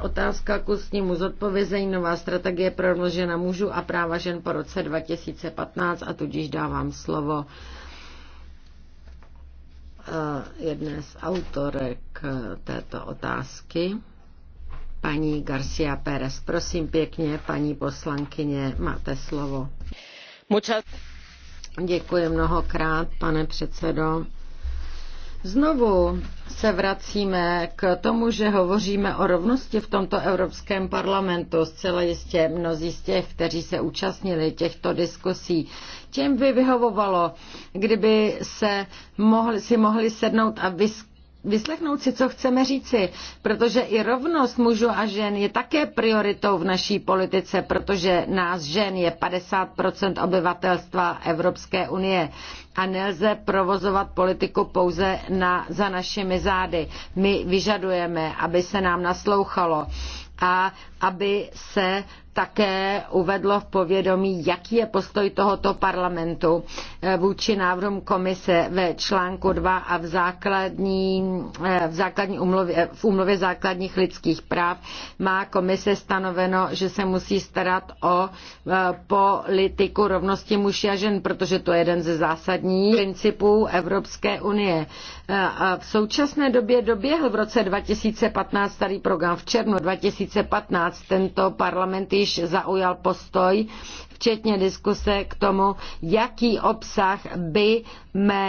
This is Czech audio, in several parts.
Otázka k ústnímu zodpovězení nová strategie pro rovnožena mužů a práva žen po roce 2015 a tudíž dávám slovo eh, jedné z autorek eh, této otázky, paní Garcia Pérez. Prosím pěkně, paní poslankyně, máte slovo. Děkuji mnohokrát, pane předsedo. Znovu se vracíme k tomu, že hovoříme o rovnosti v tomto Evropském parlamentu. Zcela jistě mnozí z těch, kteří se účastnili těchto diskusí, těm by vyhovovalo, kdyby se mohli, si mohli sednout a vysk vyslechnout si, co chceme říci, protože i rovnost mužů a žen je také prioritou v naší politice, protože nás žen je 50% obyvatelstva Evropské unie a nelze provozovat politiku pouze na, za našimi zády. My vyžadujeme, aby se nám naslouchalo a aby se také uvedlo v povědomí, jaký je postoj tohoto parlamentu eh, vůči návrhům komise ve článku 2 a v základní, eh, v základní umluvě, eh, v umluvě základních lidských práv má komise stanoveno, že se musí starat o politiku rovnosti muži a žen, protože to je jeden ze zásadních principů Evropské unie. v současné době doběhl v roce 2015 starý program. V červnu 2015 tento parlament již již zaujal postoj, včetně diskuse k tomu, jaký obsah by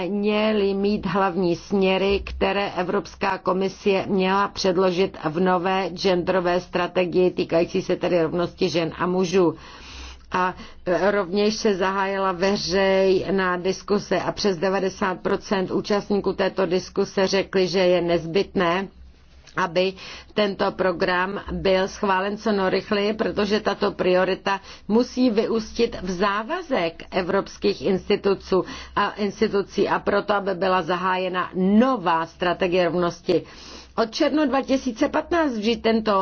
měly mít hlavní směry, které Evropská komisie měla předložit v nové genderové strategii týkající se tedy rovnosti žen a mužů a e, rovněž se zahájila na diskuse a přes 90 účastníků této diskuse řekli, že je nezbytné aby tento program byl schválen co nejrychleji, protože tato priorita musí vyústit v závazek evropských institucí a, institucí a proto, aby byla zahájena nová strategie rovnosti. Od června 2015 vždy tento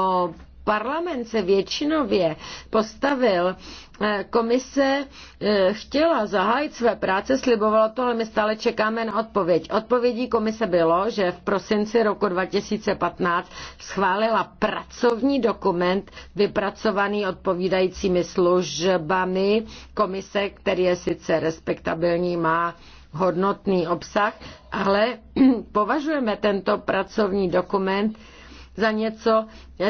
parlament se většinově postavil, eh, komise eh, chtěla zahájit své práce, slibovalo to, ale my stále čekáme na odpověď. Odpovědí komise bylo, že v prosinci roku 2015 schválila pracovní dokument vypracovaný odpovídajícími službami komise, který je sice respektabilní, má hodnotný obsah, ale považujeme tento pracovní dokument za něco,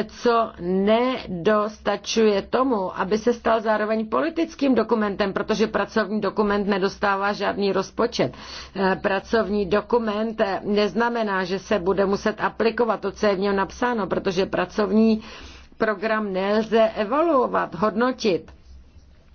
co nedostačuje tomu, aby se stal zároveň politickým dokumentem, protože pracovní dokument nedostává žádný rozpočet. Eh, pracovní dokument eh, neznamená, že se bude muset aplikovat to, co je v něm napsáno, protože pracovní program nelze evaluovat, hodnotit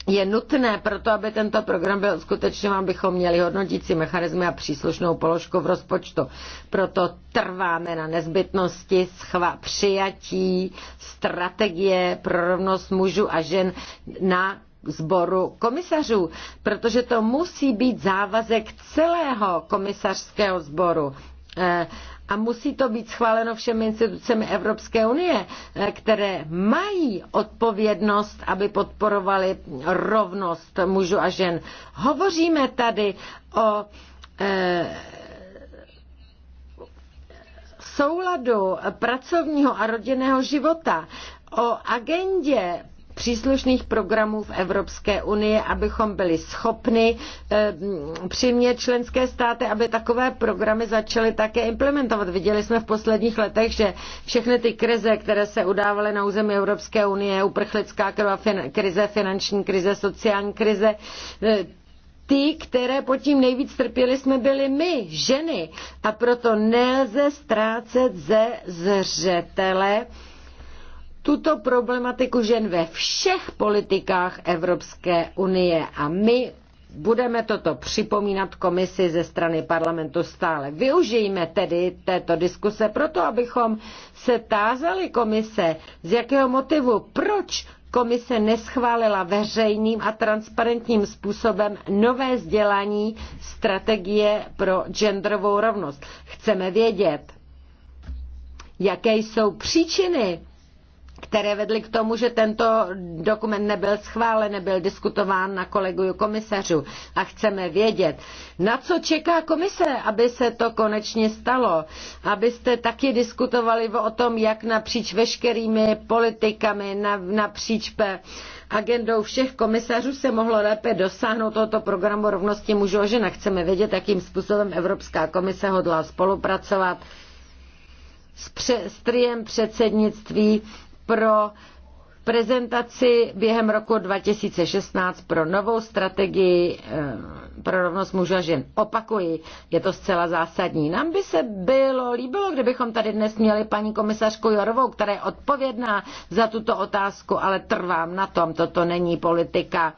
je nutné proto, aby tento program byl skutečně, abychom měli hodnotící mechanismy a příslušnou položku v rozpočtu. Proto trváme na nezbytnosti schva přijatí strategie pro rovnost mužů a žen na sboru komisařů, protože to musí být závazek celého komisařského sboru eh, a musí to být schváleno všemi institucemi Evropské unie, eh, které mají odpovědnost, aby podporovali rovnost mužů a žen. Hovoříme tady o e, souladu pracovního a rodinného života, o agendě příslušných programů v Evropské unii, abychom byli schopni eh, přimět členské státy, aby takové programy začaly také implementovat. Viděli jsme v posledních letech, že všechny ty krize, které se udávaly na území Evropské unie, uprchlická krize, finanční krize, sociální krize, eh, ty, které pod tím nejvíc trpěli, jsme byli my, ženy. A proto nelze ztrácet ze zřetele, tuto problematiku žen ve všech politikách Evropské unie a my budeme toto připomínat komisi ze strany parlamentu stále. Využijme tedy této diskuse proto, abychom se tázali komise, z jakého motivu, proč komise neschválila veřejným a transparentním způsobem nové sdělení strategie pro genderovou rovnost. Chceme vědět, jaké jsou příčiny které vedly k tomu, že tento dokument nebyl schválen, nebyl diskutován na kolegiu komisařů. A chceme vědět, na co čeká komise, aby se to konečně stalo. Abyste taky diskutovali o tom, jak napříč veškerými politikami, napříč agendou všech komisařů se mohlo lépe dosáhnout tohoto programu rovnosti mužů a žen. Chceme vědět, jakým způsobem Evropská komise hodlá spolupracovat s, pře- s triem předsednictví pro prezentaci během roku 2016 pro novou strategii eh, pro rovnost mužů a žen. Opakuji, je to zcela zásadní. Nám by se bylo líbilo, kdybychom tady dnes měli paní komisařku Jorovou, která je odpovědná za tuto otázku, ale trvám na tom, toto není politika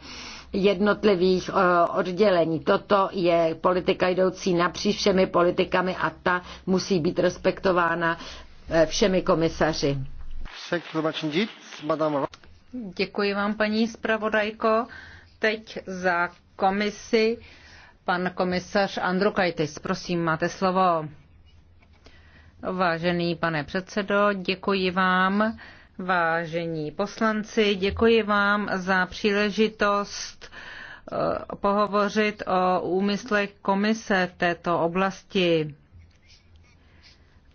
jednotlivých eh, oddělení. Toto je politika jdoucí napříč všemi politikami a ta musí být respektována eh, všemi komisaři. Děkuji vám, paní zpravodajko. Teď za komisi pan komisař Andrukaitis. Prosím, máte slovo. Vážený pane předsedo, děkuji vám. Vážení poslanci, děkuji vám za příležitost eh, pohovořit o úmyslech komise v této oblasti.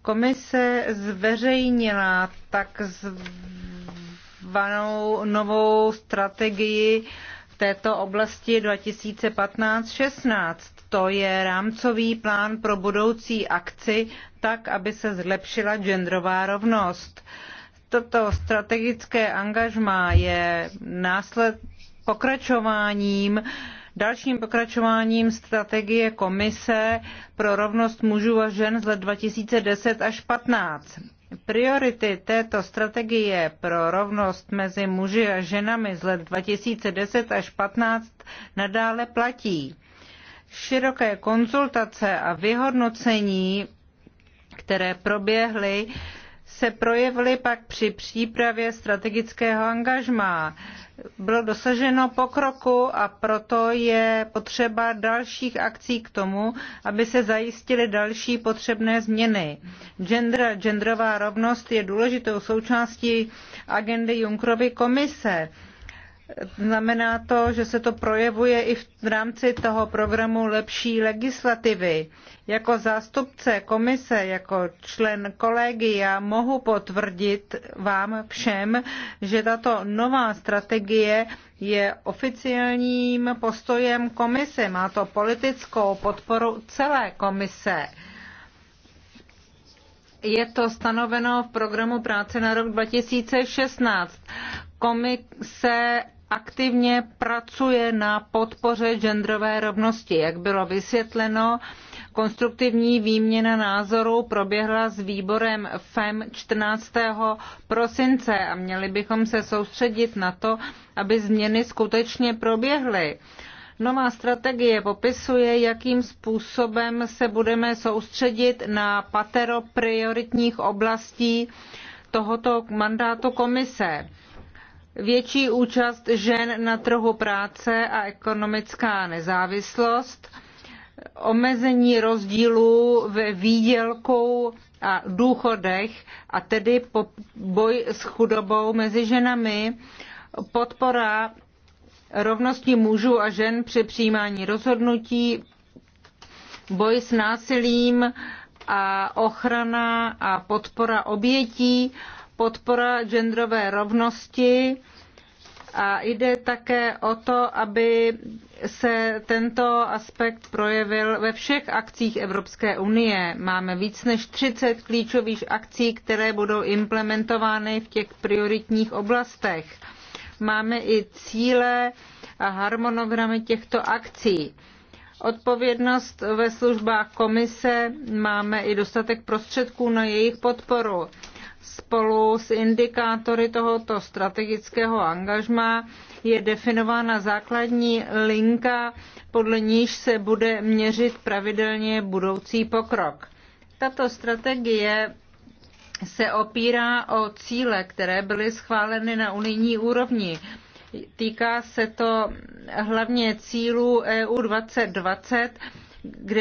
Komise zveřejnila takzvanou novou strategii v této oblasti 2015-16. To je rámcový plán pro budoucí akci, tak, aby se zlepšila genderová rovnost. Toto strategické angažmá je násled pokračováním dalším pokračováním strategie komise pro rovnost mužů a žen z let 2010 až 15. Priority této strategie pro rovnost mezi muži a ženami z let 2010 až 15 nadále platí. Široké konzultace a vyhodnocení, které proběhly, se projevily pak při přípravě strategického angažmá. Bylo dosaženo pokroku a proto je potřeba dalších akcí k tomu, aby se zajistily další potřebné změny. Gender a genderová rovnost je důležitou součástí agendy Junckerovy komise. Znamená to, že se to projevuje i v rámci toho programu lepší legislativy. Jako zástupce komise, jako člen kolegia mohu potvrdit vám všem, že tato nová strategie je oficiálním postojem komise. Má to politickou podporu celé komise. Je to stanoveno v programu práce na rok 2016. Komise aktivně pracuje na podpoře genderové rovnosti. Jak bylo vysvětleno, konstruktivní výměna názorů proběhla s výborem FEM 14. prosince a měli bychom se soustředit na to, aby změny skutečně proběhly. Nová strategie popisuje, jakým způsobem se budeme soustředit na patero prioritních oblastí tohoto mandátu komise větší účast žen na trhu práce a ekonomická nezávislost, omezení rozdílů ve výdělku a důchodech a tedy boj s chudobou mezi ženami, podpora rovnosti mužů a žen při přijímání rozhodnutí, boj s násilím a ochrana a podpora obětí podpora genderové rovnosti a jde také o to, aby se tento aspekt projevil ve všech akcích Evropské unie. Máme víc než 30 klíčových akcí, které budou implementovány v těch prioritních oblastech. Máme i cíle a harmonogramy těchto akcí. Odpovědnost ve službách komise máme i dostatek prostředků na jejich podporu spolu s indikátory tohoto strategického angažma je definována základní linka, podle níž se bude měřit pravidelně budoucí pokrok. Tato strategie se opírá o cíle, které byly schváleny na unijní úrovni. Týká se to hlavně cílů EU 2020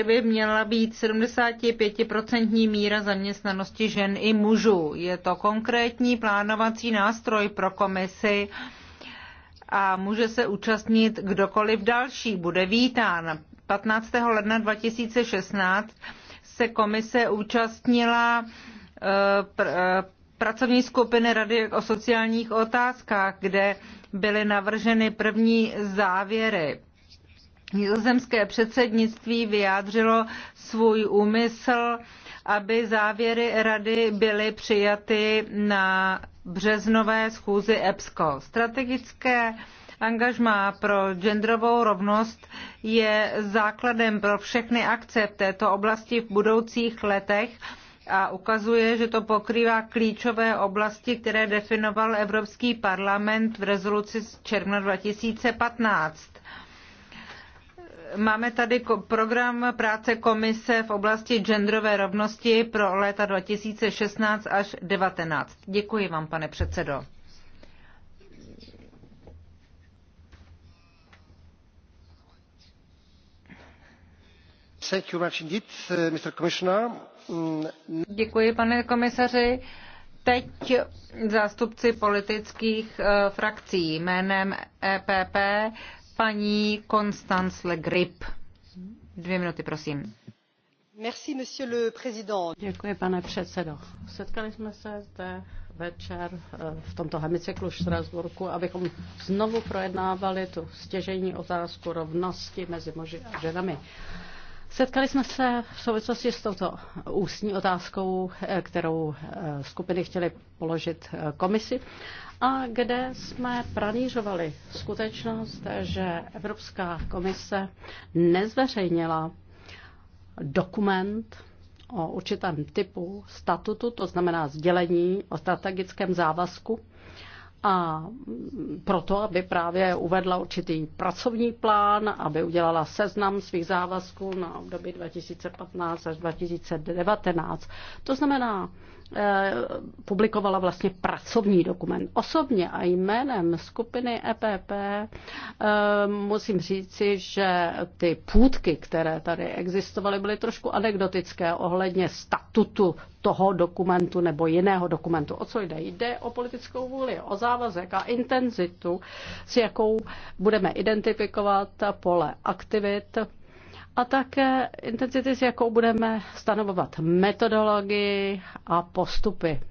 by měla být 75% míra zaměstnanosti žen i mužů. Je to konkrétní plánovací nástroj pro komisi a může se účastnit kdokoliv další. Bude vítán. 15. ledna 2016 se komise účastnila eh, eh, pracovní skupiny Rady o sociálních otázkách, kde byly navrženy první závěry. Nizozemské předsednictví vyjádřilo svůj úmysl, aby závěry rady byly přijaty na březnové schůzi EPSCO. Strategické angažmá pro genderovou rovnost je základem pro všechny akce v této oblasti v budoucích letech a ukazuje, že to pokrývá klíčové oblasti, které definoval Evropský parlament v rezoluci z června 2015 Máme tady program práce komise v oblasti genderové rovnosti pro léta 2016 až 2019. Děkuji vám, pane předsedo. Uh, mm, Děkuji, pane komisaři. Teď zástupci politických uh, frakcí jménem EPP paní Constance Le Grip. Dvě minuty, prosím. Merci, monsieur le président. Děkuji, pane předsedo. Setkali jsme se zde večer eh, v tomto hemicyklu Štrasburku, abychom znovu projednávali tu stěžení otázku rovnosti mezi muži a ženami. Setkali jsme se v souvislosti s touto ústní otázkou, eh, kterou eh, skupiny chtěly položit komisi a kde jsme pranířovali skutečnost, že Evropská komise nezveřejnila dokument o určitém typu statutu, to znamená sdělení o strategickém závazku a proto, aby právě uvedla určitý pracovní plán, aby udělala seznam svých závazků na období 2015 až 2019. To znamená, Eh, publikovala vlastně pracovní dokument. Osobně a jménem skupiny EPP eh, musím říci, že ty půdky, které tady existovaly, byly trošku anekdotické ohledně statutu toho dokumentu nebo jiného dokumentu. O co jde? Jde o politickou vůli, o závazek a intenzitu, s jakou budeme identifikovat pole aktivit a také intenzity, s jakou budeme stanovovat metodologii a postupy.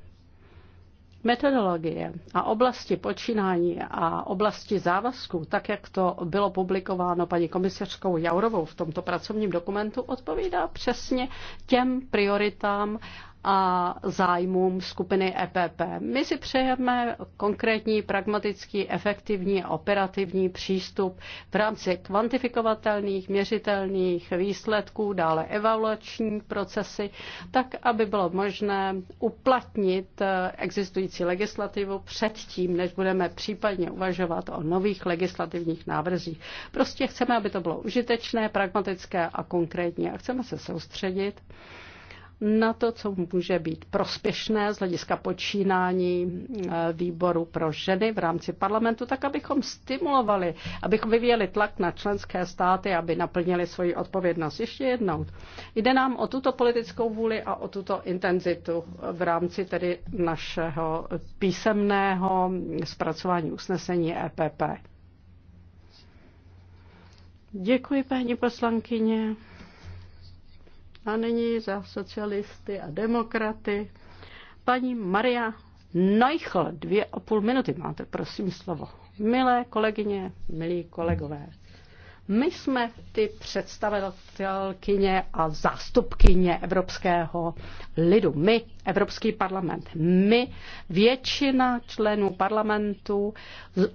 Metodologie a oblasti počínání a oblasti závazků, tak jak to bylo publikováno paní komisařkou Jaurovou v tomto pracovním dokumentu, odpovídá přesně těm prioritám a zájmům skupiny EPP. My si přejeme konkrétní, pragmatický, efektivní a operativní přístup v rámci kvantifikovatelných, měřitelných výsledků, dále evaluační procesy, tak, aby bylo možné uplatnit eh, existující legislativu předtím, než budeme případně uvažovat o nových legislativních návrzích. Prostě chceme, aby to bylo užitečné, pragmatické a konkrétní a chceme se soustředit na to, co může být prospěšné z hlediska počínání eh, výboru pro ženy v rámci parlamentu, tak abychom stimulovali, abychom vyvíjeli tlak na členské státy, aby naplnili svoji odpovědnost. Ještě jednou, jde nám o tuto politickou vůli a o tuto intenzitu v rámci tedy našeho písemného zpracování usnesení EPP. Děkuji, paní poslankyně. A nyní za socialisty a demokraty paní Maria Neuchl. Dvě a půl minuty máte, prosím, slovo. Milé kolegyně, milí kolegové, my jsme ty představitelkyně a zástupkyně evropského lidu. My, Evropský parlament. My, většina členů parlamentu,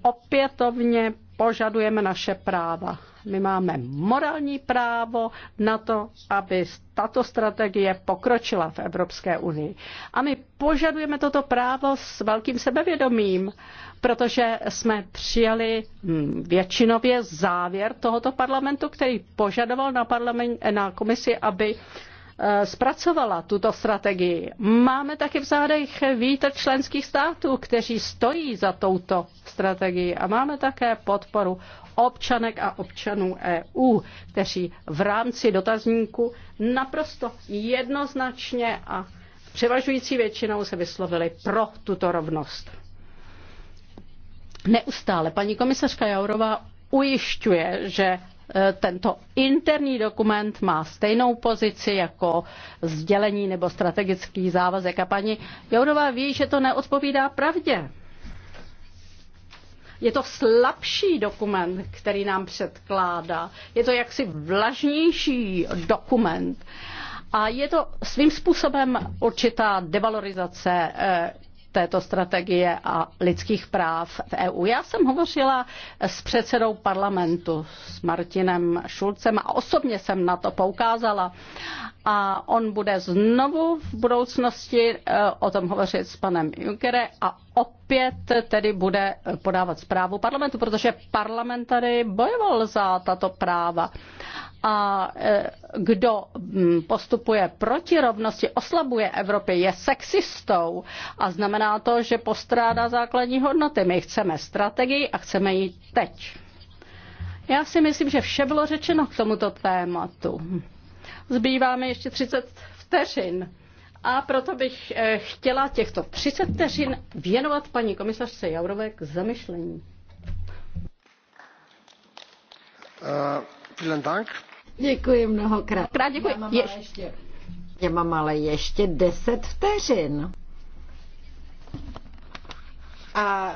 opětovně požadujeme naše práva. My máme morální právo na to, aby tato strategie pokročila v Evropské unii. A my požadujeme toto právo s velkým sebevědomím, protože jsme přijali hm, většinově závěr tohoto parlamentu, který požadoval na, parlament, na komisi, aby Eh, zpracovala tuto strategii. Máme taky v zádech vítr členských států, kteří stojí za touto strategií a máme také podporu občanek a občanů EU, kteří v rámci dotazníku naprosto jednoznačně a převažující většinou se vyslovili pro tuto rovnost. Neustále paní komisařka Jourová ujišťuje, že Eh, tento interní dokument má stejnou pozici jako sdělení nebo strategický závazek. A paní Jourová ví, že to neodpovídá pravdě. Je to slabší dokument, který nám předkládá. Je to jaksi vlažnější dokument. A je to svým způsobem určitá devalorizace eh, této strategie a lidských práv v EU. Já jsem hovořila s předsedou parlamentu, s Martinem Šulcem a osobně jsem na to poukázala a on bude znovu v budoucnosti eh, o tom hovořit s panem Junckere a opět tedy bude eh, podávat zprávu parlamentu, protože parlament tady bojoval za tato práva. A eh, kdo mm, postupuje proti rovnosti, oslabuje Evropy, je sexistou a znamená to, že postrádá základní hodnoty. My chceme strategii a chceme ji teď. Já si myslím, že vše bylo řečeno k tomuto tématu. Zbývá mi ještě 30 vteřin. A proto bych eh, chtěla těchto 30 vteřin věnovat paní komisařce Jaurové k zamyšlení. Uh, Dank. Děkuji mnohokrát. Krát děkuji. Já mám, ale ještě, já mám ale ještě 10 vteřin. A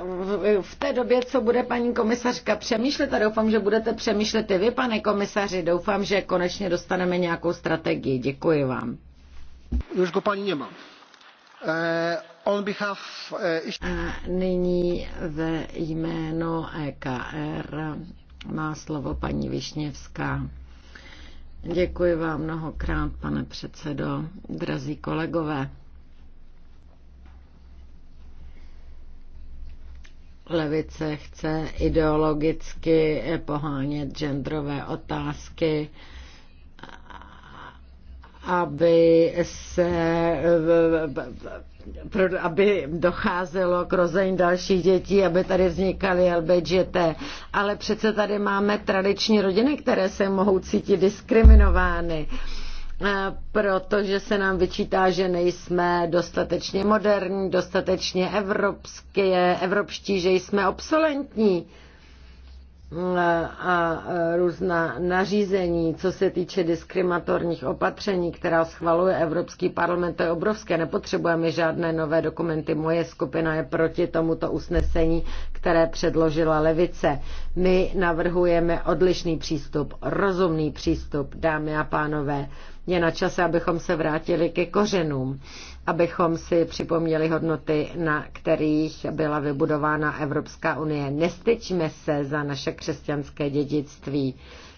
v té době, co bude paní komisařka přemýšlet, a doufám, že budete přemýšlet i vy, pane komisaři, doufám, že konečně dostaneme nějakou strategii. Děkuji vám. Už go paní nemám. Eh, on behalf... Eh, a nyní ve jméno EKR má slovo paní Višněvská. Děkuji vám mnohokrát, pane předsedo, drazí kolegové. Levice chce ideologicky pohánět genderové otázky, aby se aby docházelo k rození dalších dětí, aby tady vznikaly LBGT. Ale přece tady máme tradiční rodiny, které se mohou cítit diskriminovány. Uh, Eh, protože se nám vyčítá, že nejsme dostatečně moderní, dostatečně evropské, evropští, že jsme obsolentní eh, a eh, různá nařízení, co se týče diskriminatorních opatření, která schvaluje Evropský parlament, to je obrovské. Nepotřebujeme žádné nové dokumenty. Moje skupina je proti tomuto usnesení, které předložila levice. My navrhujeme odlišný přístup, rozumný přístup, dámy a pánové je na čase, abychom se vrátili ke kořenům, abychom si připomněli hodnoty, na kterých byla vybudována Evropská unie. Nestyčme se za naše křesťanské dědictví.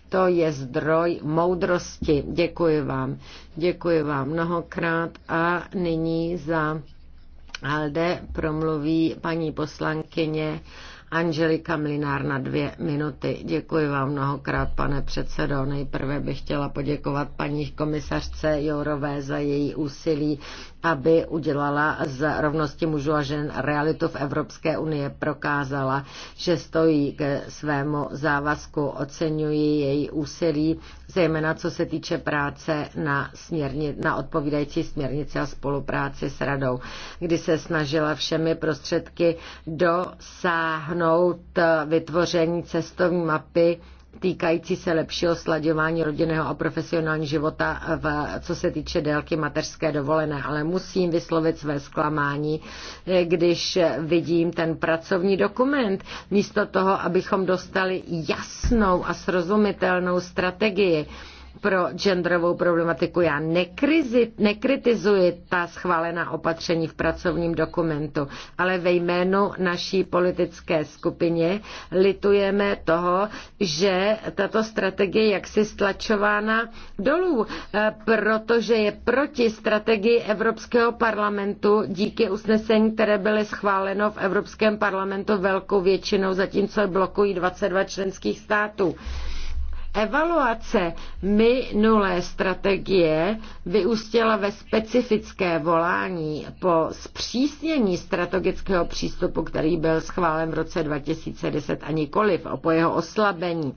To je zdroj moudrosti. Děkuji vám. Děkuji vám mnohokrát a nyní za Alde promluví paní poslankyně Angelika Mlinár na dvě minuty. Děkuji vám mnohokrát, pane předsedo. Nejprve bych chtěla poděkovat paní komisařce Jourové za její úsilí, aby udělala z rovnosti mužů a žen realitu v Evropské unii. Prokázala, že stojí k svému závazku. Oceňuji její úsilí, zejména co se týče práce na, směrni, na odpovídající směrnici a spolupráci s radou, kdy se snažila všemi prostředky dosáhnout navrhnout vytvoření cestovní mapy týkající se lepšího sladěvání rodinného a profesionálního života, v, co se týče délky mateřské dovolené. Ale musím vyslovit své zklamání, když vidím ten pracovní dokument. Místo toho, abychom dostali jasnou a srozumitelnou strategii, pro genderovou problematiku. Já nekrizi, nekritizuji ta schválená opatření v pracovním dokumentu, ale ve jménu naší politické skupině litujeme toho, že tato strategie jaksi stlačována dolů, eh, protože je proti strategii Evropského parlamentu díky usnesení, které byly schváleno v Evropském parlamentu velkou většinou, zatímco blokují 22 členských států. Evaluace minulé strategie vyústila ve specifické volání po zpřísnění strategického přístupu, který byl schválen v roce 2010 a nikoliv, a po jeho oslabení.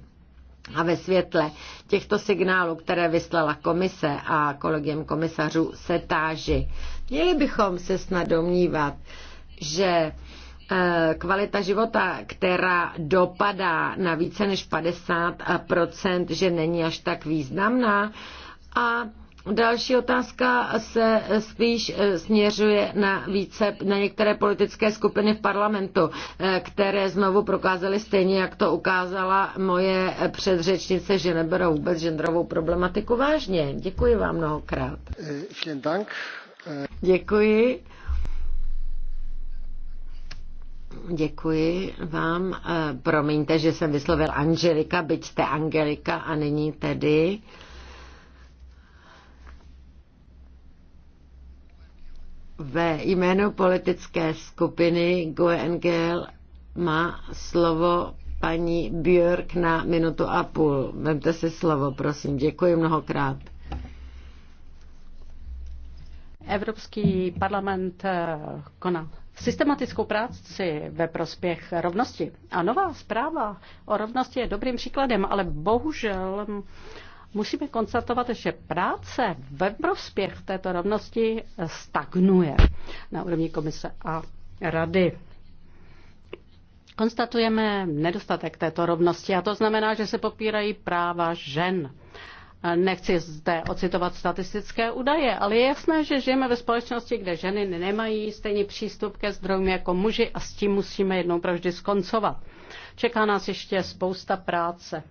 A ve světle těchto signálů, které vyslala komise a kolegiem komisařů, se táži. Měli bychom se snad domnívat, že Eh, kvalita života, která dopadá na více než 50 eh, že není až tak významná. A Další otázka se spíš eh, směřuje na, více, na některé politické skupiny v parlamentu, které znovu prokázaly stejně, jak to ukázala moje předřečnice, že neberou vůbec genderovou problematiku vážně. Děkuji vám mnohokrát. Děkuji. Děkuji vám. Eh, promiňte, že jsem vyslovil Angelika, byť jste Angelika a není tedy. Ve jménu politické skupiny GUNGL má slovo paní Björk na minutu a půl. Vemte si slovo, prosím. Děkuji mnohokrát. Evropský parlament eh, konal systematickou práci ve prospěch rovnosti. A nová zpráva o rovnosti je dobrým příkladem, ale bohužel musíme konstatovat, že práce ve prospěch této rovnosti stagnuje na úrovni komise a rady. Konstatujeme nedostatek této rovnosti a to znamená, že se popírají práva žen. Nechci zde ocitovat statistické údaje, ale je jasné, že žijeme ve společnosti, kde ženy nemají stejný přístup ke zdrojům jako muži a s tím musíme jednou provždy skoncovat. Čeká nás ještě spousta práce.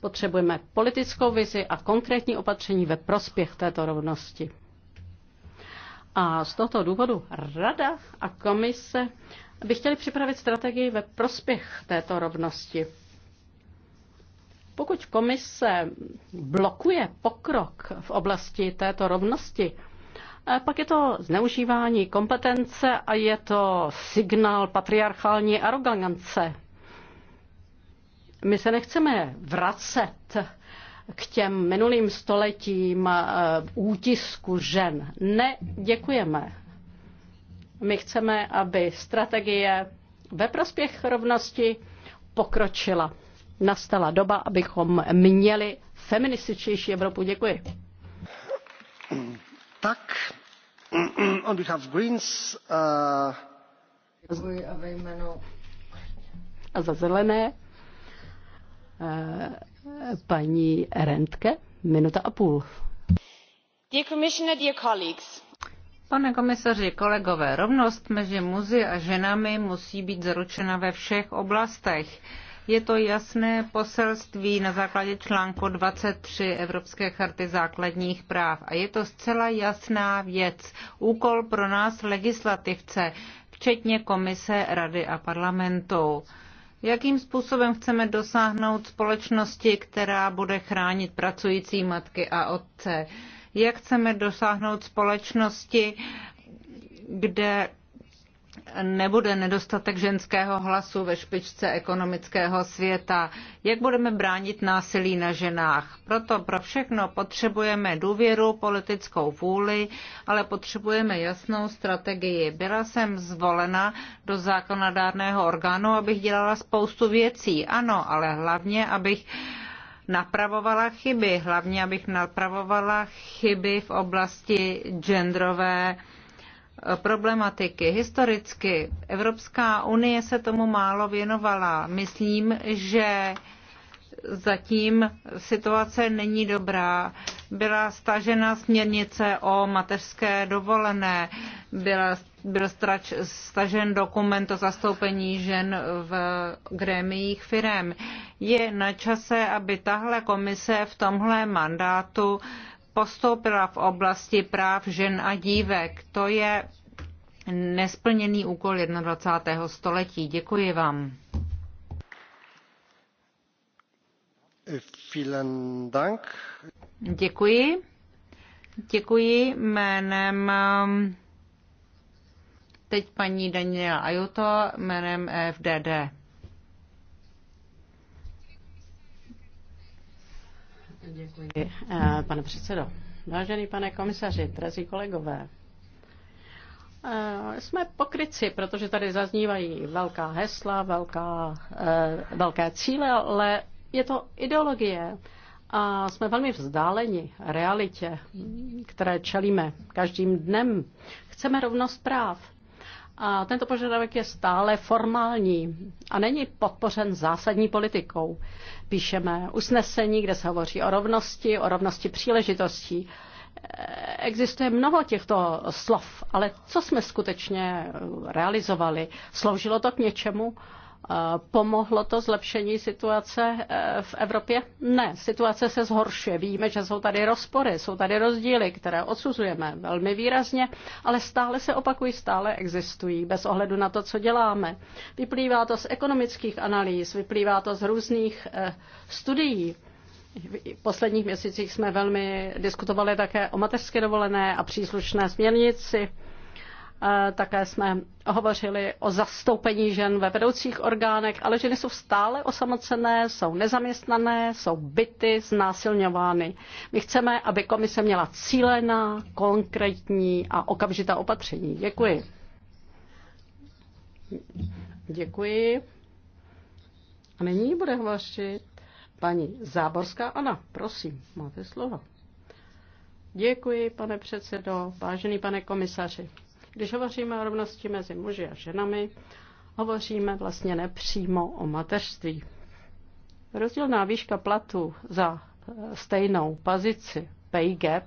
Potřebujeme politickou vizi a konkrétní opatření ve prospěch této rovnosti. A z tohoto důvodu Rada a Komise by chtěli připravit strategii ve prospěch této rovnosti. Pokud komise blokuje pokrok v oblasti této rovnosti, eh, pak je to zneužívání kompetence a je to signál patriarchální arogance. My se nechceme vracet k těm minulým stoletím eh, útisku žen. Ne, děkujeme. My chceme, aby strategie ve prospěch rovnosti pokročila nastala doba, abychom měli feminističtější Evropu. Děkuji. Tak, mm, mm, on behalf Greens. Uh... Děkuji a ve jménu. A za zelené uh, paní Rentke, minuta a půl. Dear Commissioner, dear colleagues. Pane komisaři, kolegové, rovnost mezi muži a ženami musí být zaručena ve všech oblastech. Je to jasné poselství na základě článku 23 Evropské charty základních práv. A je to zcela jasná věc. Úkol pro nás legislativce, včetně komise, rady a parlamentu. Jakým způsobem chceme dosáhnout společnosti, která bude chránit pracující matky a otce? Jak chceme dosáhnout společnosti, kde nebude nedostatek ženského hlasu ve špičce ekonomického světa, jak budeme bránit násilí na ženách. Proto pro všechno potřebujeme důvěru, politickou vůli, ale potřebujeme jasnou strategii. Byla jsem zvolena do zákonodárného orgánu, abych dělala spoustu věcí. Ano, ale hlavně, abych napravovala chyby, hlavně abych napravovala chyby v oblasti genderové problematiky. Historicky Evropská unie se tomu málo věnovala. Myslím, že zatím situace není dobrá. Byla stažena směrnice o mateřské dovolené, byla, byl strač, stažen dokument o zastoupení žen v grémiích firem. Je na čase, aby tahle komise v tomhle mandátu uh, postoupila v oblasti práv žen a dívek. To je nesplněný úkol 21. století. Děkuji vám. Vielen Dank. Děkuji. Děkuji jménem um, teď paní Daniela Ajuto, jménem FDD. Děkuji, eh, pane předsedo. Vážený pane komisaři, drazí kolegové, eh, jsme pokryci, protože tady zaznívají velká hesla, velká, eh, velké cíle, ale je to ideologie a jsme velmi vzdáleni realitě, které čelíme každým dnem. Chceme rovnost práv. A tento požadavek je stále formální a není podpořen zásadní politikou píšeme usnesení, kde se hovoří o rovnosti, o rovnosti příležitostí. Existuje mnoho těchto slov, ale co jsme skutečně realizovali? Sloužilo to k něčemu? Eh, pomohlo to zlepšení situace eh, v Evropě? Ne, situace se zhoršuje. Víme, že jsou tady rozpory, jsou tady rozdíly, které odsuzujeme velmi výrazně, ale stále se opakují, stále existují, bez ohledu na to, co děláme. Vyplývá to z ekonomických analýz, vyplývá to z různých eh, studií. V posledních měsících jsme velmi diskutovali také o mateřské dovolené a příslušné směrnici. Také jsme hovořili o zastoupení žen ve vedoucích orgánech, ale ženy jsou stále osamocené, jsou nezaměstnané, jsou byty, znásilňovány. My chceme, aby komise měla cílená, konkrétní a okamžitá opatření. Děkuji. Děkuji. A nyní bude hovořit paní Záborská Ana. Prosím, máte slovo. Děkuji, pane předsedo, vážený pane komisaři. Když hovoříme o rovnosti mezi muži a ženami, hovoříme vlastně nepřímo o mateřství. Rozdílná výška platu za eh, stejnou pozici, pay gap,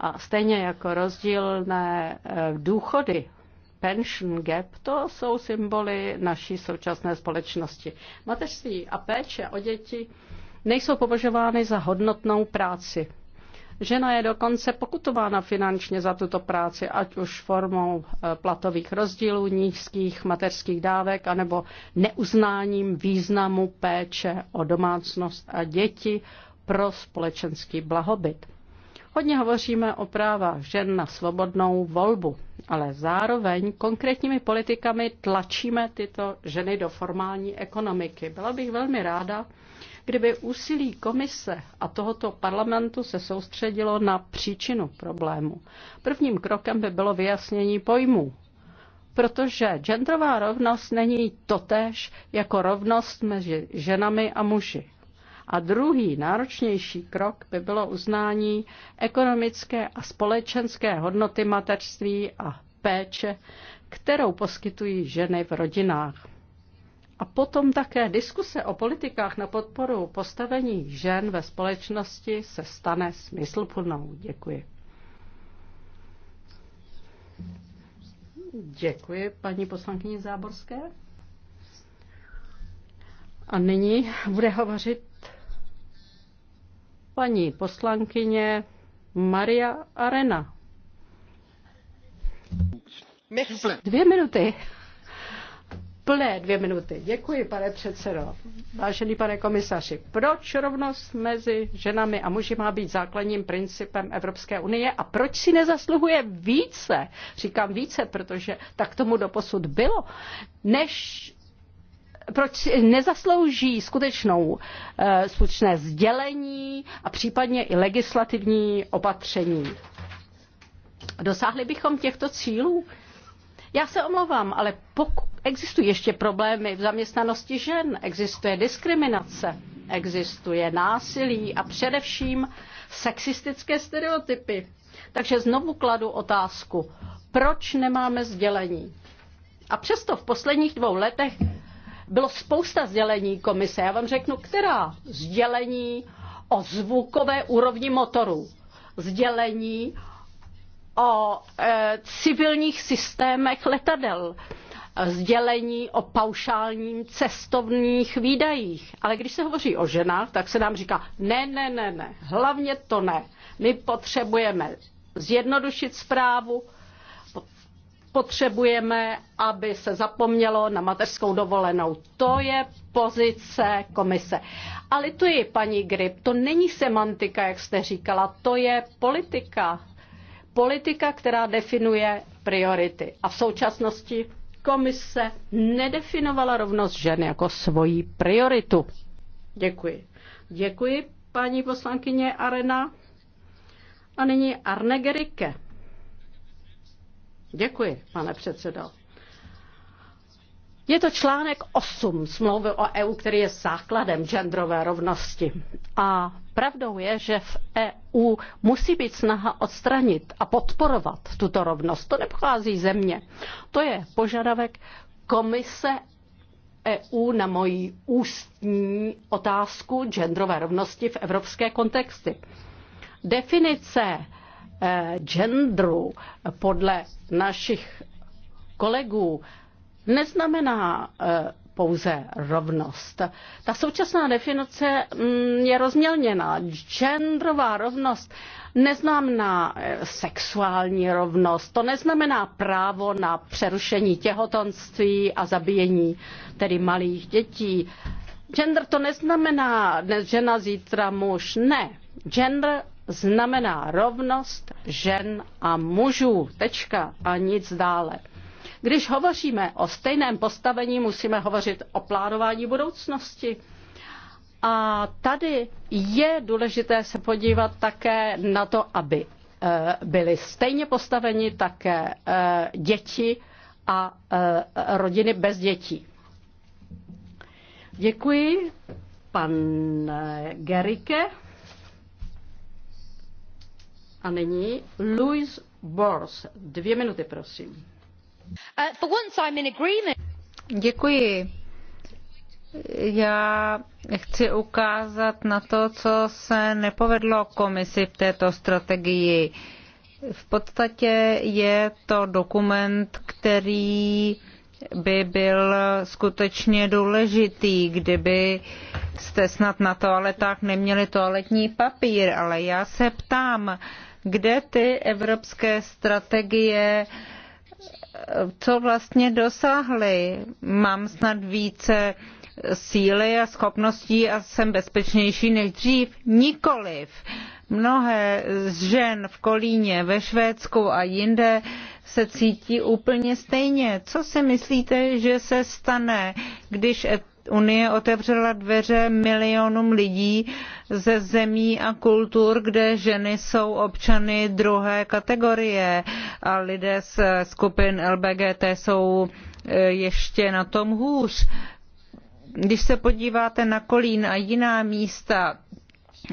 a stejně jako rozdílné eh, důchody, pension gap, to jsou symboly naší současné společnosti. Mateřství a péče o děti nejsou považovány za hodnotnou práci. Žena je dokonce pokutována finančně za tuto práci, ať už formou eh, platových rozdílů, nízkých mateřských dávek, anebo neuznáním významu péče o domácnost a děti pro společenský blahobyt. Hodně hovoříme o právách žen na svobodnou volbu, ale zároveň konkrétními politikami tlačíme tyto ženy do formální ekonomiky. Byla bych velmi ráda, kdyby úsilí komise a tohoto parlamentu se soustředilo na příčinu problému. Prvním krokem by bylo vyjasnění pojmů, protože genderová rovnost není totéž jako rovnost mezi ženami a muži. A druhý náročnější krok by bylo uznání ekonomické a společenské hodnoty mateřství a péče, kterou poskytují ženy v rodinách. A potom také diskuse o politikách na podporu postavení žen ve společnosti se stane smysluplnou. Děkuji. Děkuji paní poslankyni Záborské. A nyní bude hovořit paní poslankyně Maria Arena. Dvě minuty plné dvě minuty. Děkuji, pane předsedo. Vážený pane komisaři, proč rovnost mezi ženami a muži má být základním principem Evropské unie a proč si nezasluhuje více, říkám více, protože tak tomu doposud bylo, než proč nezaslouží skutečnou uh, eh, skutečné sdělení a případně i legislativní opatření. Dosáhli bychom těchto cílů? Já se omlouvám, ale pokud existují ještě problémy v zaměstnanosti žen, existuje diskriminace, existuje násilí a především sexistické stereotypy. Takže znovu kladu otázku, proč nemáme sdělení? A přesto v posledních dvou letech bylo spousta sdělení komise. Já vám řeknu, která sdělení o zvukové úrovni motorů, sdělení o e, civilních systémech letadel sdělení o paušálním cestovních výdajích. Ale když se hovoří o ženách, tak se nám říká, ne, ne, ne, ne, hlavně to ne. My potřebujeme zjednodušit zprávu, potřebujeme, aby se zapomnělo na mateřskou dovolenou. To je pozice komise. Ale to je paní Grip, to není semantika, jak jste říkala, to je politika politika, která definuje priority. A v současnosti komise nedefinovala rovnost žen jako svoji prioritu. Děkuji. Děkuji, paní poslankyně Arena. A nyní Arne Gerike. Děkuji, pane předsedo. Je to článek 8 smlouvy o EU, který je základem genderové rovnosti. A pravdou je, že v EU musí být snaha odstranit a podporovat tuto rovnost. To nepochází země. To je požadavek komise EU na moji ústní otázku genderové rovnosti v evropské kontexty. Definice eh, genderu podle našich kolegů neznamená eh, pouze rovnost. Ta současná definice mm, je rozmělněná. Genderová rovnost neznamená eh, sexuální rovnost, to neznamená právo na přerušení těhotenství a zabíjení tedy malých dětí. Gender to neznamená dnes žena, zítra muž. Ne. Gender znamená rovnost žen a mužů. Tečka a nic dále. Když hovoříme o stejném postavení, musíme hovořit o plánování budoucnosti. A tady je důležité se podívat také na to, aby eh, byly stejně postaveni také eh, děti a eh, rodiny bez dětí. Děkuji. Pan Gerike. A nyní Louis Bors. Dvě minuty, prosím. Uh, Děkuji. Já chci ukázat na to, co se nepovedlo komisi v této strategii. V podstatě je to dokument, který by byl skutečně důležitý, kdyby jste snad na toaletách neměli toaletní papír, ale já se ptám, kde ty evropské strategie uh, co vlastně dosáhli. Mám snad více síly a schopností a jsem bezpečnější než dřív? Nikoliv. Mnohé z žen v Kolíně, ve Švédsku a jinde se cítí úplně stejně. Co si myslíte, že se stane, když unie otevřela dveře milionům lidí ze zemí a kultur, kde ženy jsou občany druhé kategorie a lidé ze skupin LBGT jsou e, ještě na tom hůř. Když se podíváte na Kolín a jiná místa,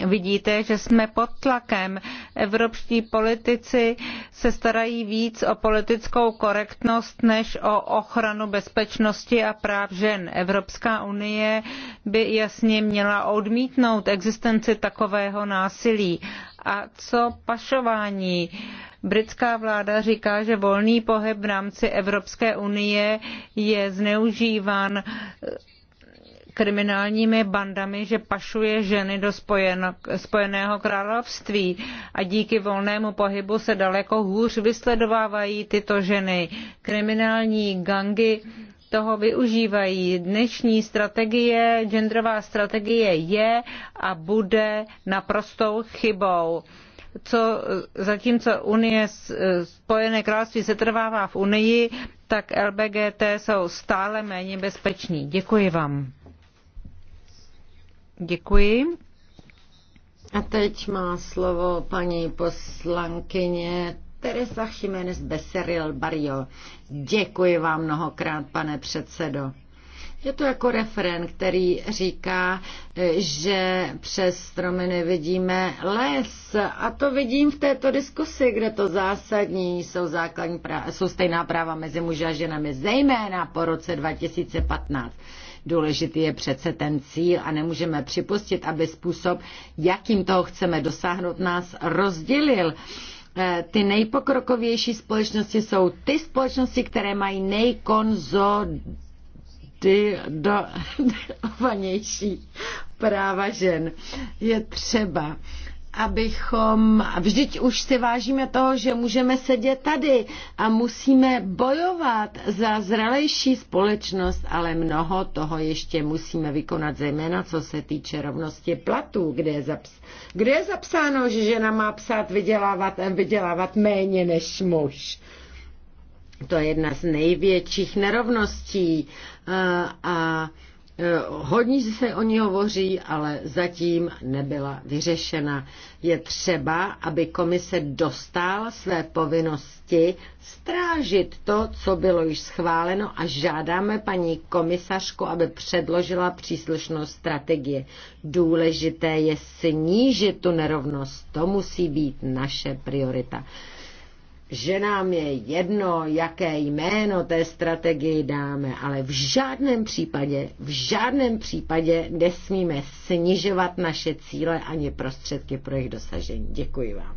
Vidíte, že jsme pod tlakem. Evropští politici se starají víc o politickou korektnost než o ochranu bezpečnosti a práv žen. Evropská unie by jasně měla odmítnout existenci takového násilí. A co pašování? Britská vláda říká, že volný pohyb v rámci Evropské unie je zneužíván kriminálními bandami, že pašuje ženy do spojeno, Spojeného království a díky volnému pohybu se daleko hůř vysledovávají tyto ženy. Kriminální gangy toho využívají. Dnešní strategie, genderová strategie je a bude naprostou chybou co, zatímco Unie Spojené království setrvává v Unii, tak LBGT jsou stále méně bezpeční. Děkuji vám. Děkuji. A teď má slovo paní poslankyně Teresa Jiménez Becerril Barrio. Děkuji vám mnohokrát, pane předsedo. Je to jako referen, který říká, že přes stromy nevidíme les. A to vidím v této diskusi, kde to zásadní jsou, základní práva, jsou stejná práva mezi muži a ženami, zejména po roce 2015. Důležitý je přece ten cíl a nemůžeme připustit, aby způsob, jakým toho chceme dosáhnout, nás rozdělil eh, ty nejpokrokovější společnosti jsou ty společnosti, které mají nejkonzodovanější práva žen. Je třeba abychom, vždyť už si vážíme toho, že můžeme sedět tady a musíme bojovat za zralejší společnost, ale mnoho toho ještě musíme vykonat, zejména co se týče rovnosti platů, kde je, zaps- kde je zapsáno, že žena má psát vydělávat, vydělávat méně než muž. To je jedna z největších nerovností a, a Eh, hodně se o ní hovoří, ale zatím nebyla vyřešena. Je třeba, aby komise dostala své povinnosti strážit to, co bylo již schváleno a žádáme paní komisařku, aby předložila příslušnou strategii. Důležité je snížit tu nerovnost. To musí být naše priorita že nám je jedno, jaké jméno té strategii dáme, ale v žádném případě, v žádném případě nesmíme snižovat naše cíle ani prostředky pro jejich dosažení. Děkuji vám.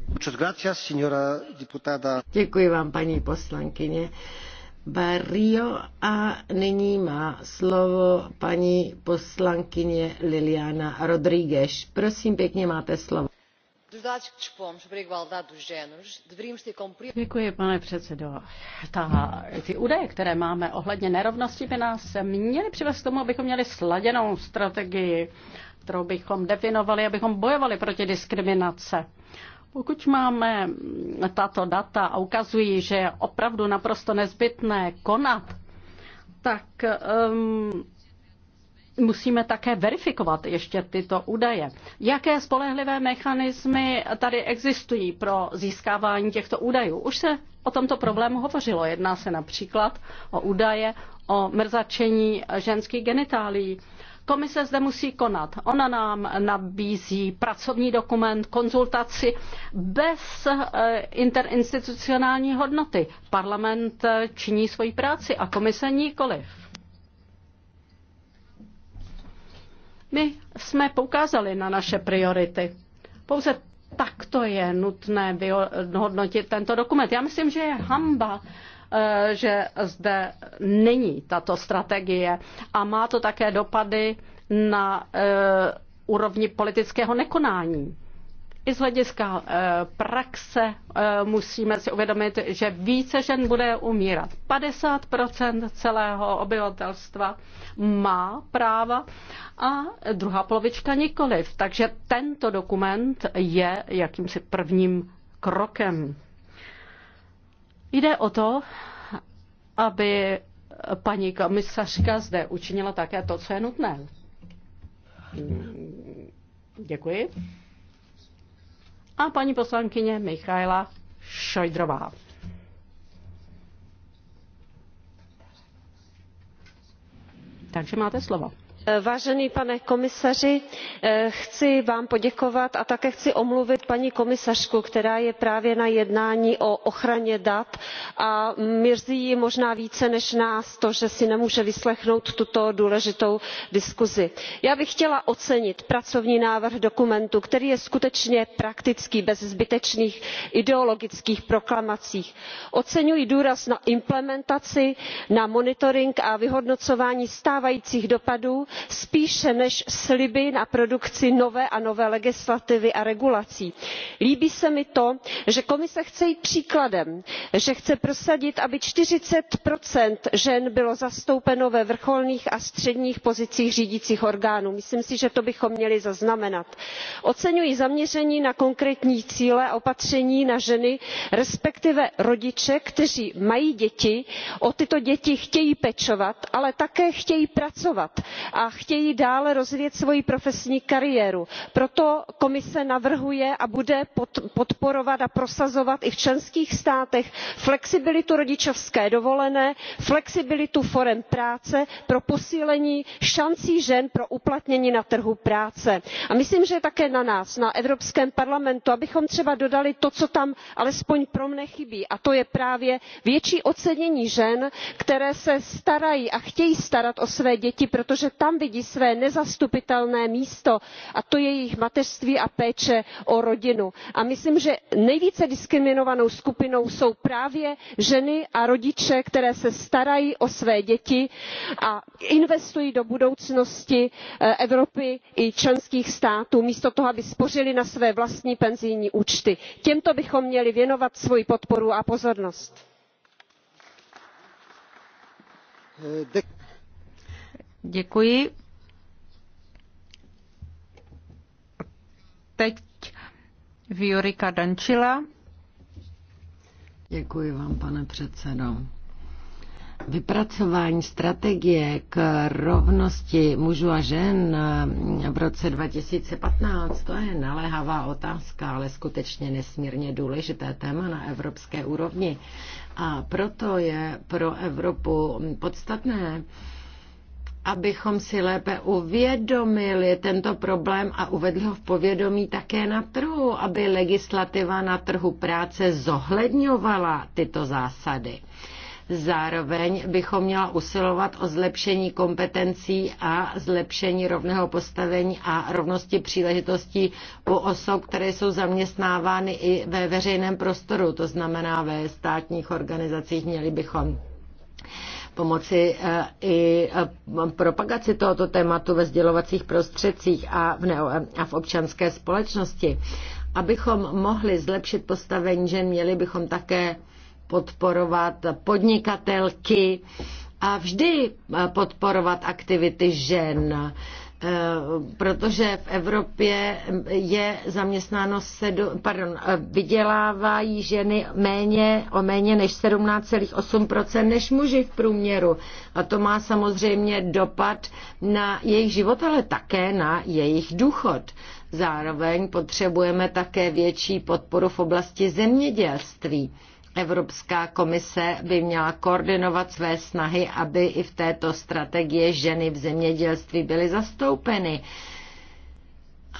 Děkuji vám, paní poslankyně. Barrio a nyní má slovo paní poslankyně Liliana Rodríguez. Prosím, pěkně máte slovo pane předsedající, ty údaje, které máme ohledně nerovnosti, by nás měly přivést k tomu, abychom měli sladěnou strategii, kterou bychom definovali, abychom bojovali proti diskriminaci. Pokud máme tato data a ukazují, že je opravdu naprosto nezbytné konat, tak um, musíme také verifikovat ještě tyto údaje. Jaké spolehlivé mechanismy tady existují pro získávání těchto údajů? Už se o tomto problému hovořilo. Jedná se například o údaje o mrzačení ženských genitálií. Komise zde musí konat. Ona nám nabízí pracovní dokument, konzultaci bez eh, interinstitucionální hodnoty. Parlament eh, činí svoji práci a komise nikoliv. My jsme poukázali na naše priority. Pouze takto je nutné vyhodnotit tento dokument. Já myslím, že je hamba, eh, že zde není tato strategie a má to také dopady na eh, úrovni politického nekonání. I z hlediska eh, praxe eh, musíme si uvědomit, že více žen bude umírat. 50 celého obyvatelstva má práva a druhá polovička nikoliv. Takže tento dokument je jakýmsi prvním krokem. Jde o to, aby paní komisařka zde učinila také to, co je nutné. Hmm. Děkuji a paní poslankyně Michaela Šojdrová. Takže máte slovo vážený pane komisaři eh, chci vám poděkovat a také chci omluvit paní komisařku která je právě na jednání o ochraně dat a mrzí ji možná více než nás to že si nemůže vyslechnout tuto důležitou diskusi. já bych chtěla ocenit pracovní návrh dokumentu který je skutečně praktický bez zbytečných ideologických proklamací. oceňuji důraz na implementaci na monitoring a vyhodnocování stávajících dopadů spíše než sliby na produkci nové a nové legislativy a regulací. líbí se mi to že komise chce jít příkladem že chce prosadit aby forty žen bylo zastoupeno ve vrcholných a středních pozicích řídících orgánů. myslím si že to bychom měli zaznamenat. oceňuji zaměření na konkrétní cíle a opatření na ženy respektive rodiče kteří mají děti o tyto děti chtějí pečovat ale také chtějí pracovat a chtějí dále rozvíjet svoji profesní kariéru. proto komise navrhuje a bude podporovat a prosazovat i v členských státech flexibilitu rodičovské dovolené flexibilitu forem práce pro posílení šancí žen pro uplatnění na trhu práce. a myslím že je také na nás na evropském parlamentu abychom třeba dodali to co tam alespoň pro mne chybí a to je právě větší ocenění žen které se starají a chtějí starat o své děti protože tam vidí své nezastupitelné místo a to je jejich mateřství a péče o rodinu. a myslím že nejvíce diskriminovanou skupinou jsou právě ženy a rodiče kteří se starají o své děti a investují do budoucnosti eh, evropy i členských států místo toho aby spořili na své vlastní penzijní účty. těmto bychom měli věnovat svoji podporu a pozornost. Eh, Děkuji. Teď Viorika Dančila. Děkuji vám, pane předsedo. Vypracování strategie k rovnosti mužů a žen v roce 2015, to je naléhavá otázka, ale skutečně nesmírně důležité téma na evropské úrovni. A proto je pro Evropu podstatné, abychom si lépe uvědomili tento problém a uvedli ho v povědomí také na trhu, aby legislativa na trhu práce zohledňovala tyto zásady. Zároveň bychom měla usilovat o zlepšení kompetencí a zlepšení rovného postavení a rovnosti příležitostí u osob, které jsou zaměstnávány i ve veřejném prostoru, to znamená ve státních organizacích měli bychom pomoci eh, i eh, propagaci tohoto tématu ve sdělovacích prostředcích a v, ne- a v občanské společnosti. Abychom mohli zlepšit postavení žen, měli bychom také podporovat podnikatelky a vždy eh, podporovat aktivity žen Eh, protože v Evropě je zaměstnáno sedm, pardon, eh, vydělávají ženy méně, o méně než 17,8% než muži v průměru. A to má samozřejmě dopad na jejich život, ale také na jejich důchod. Zároveň potřebujeme také větší podporu v oblasti zemědělství Evropská komise by měla koordinovat své snahy, aby i v této strategii ženy v zemědělství byly zastoupeny.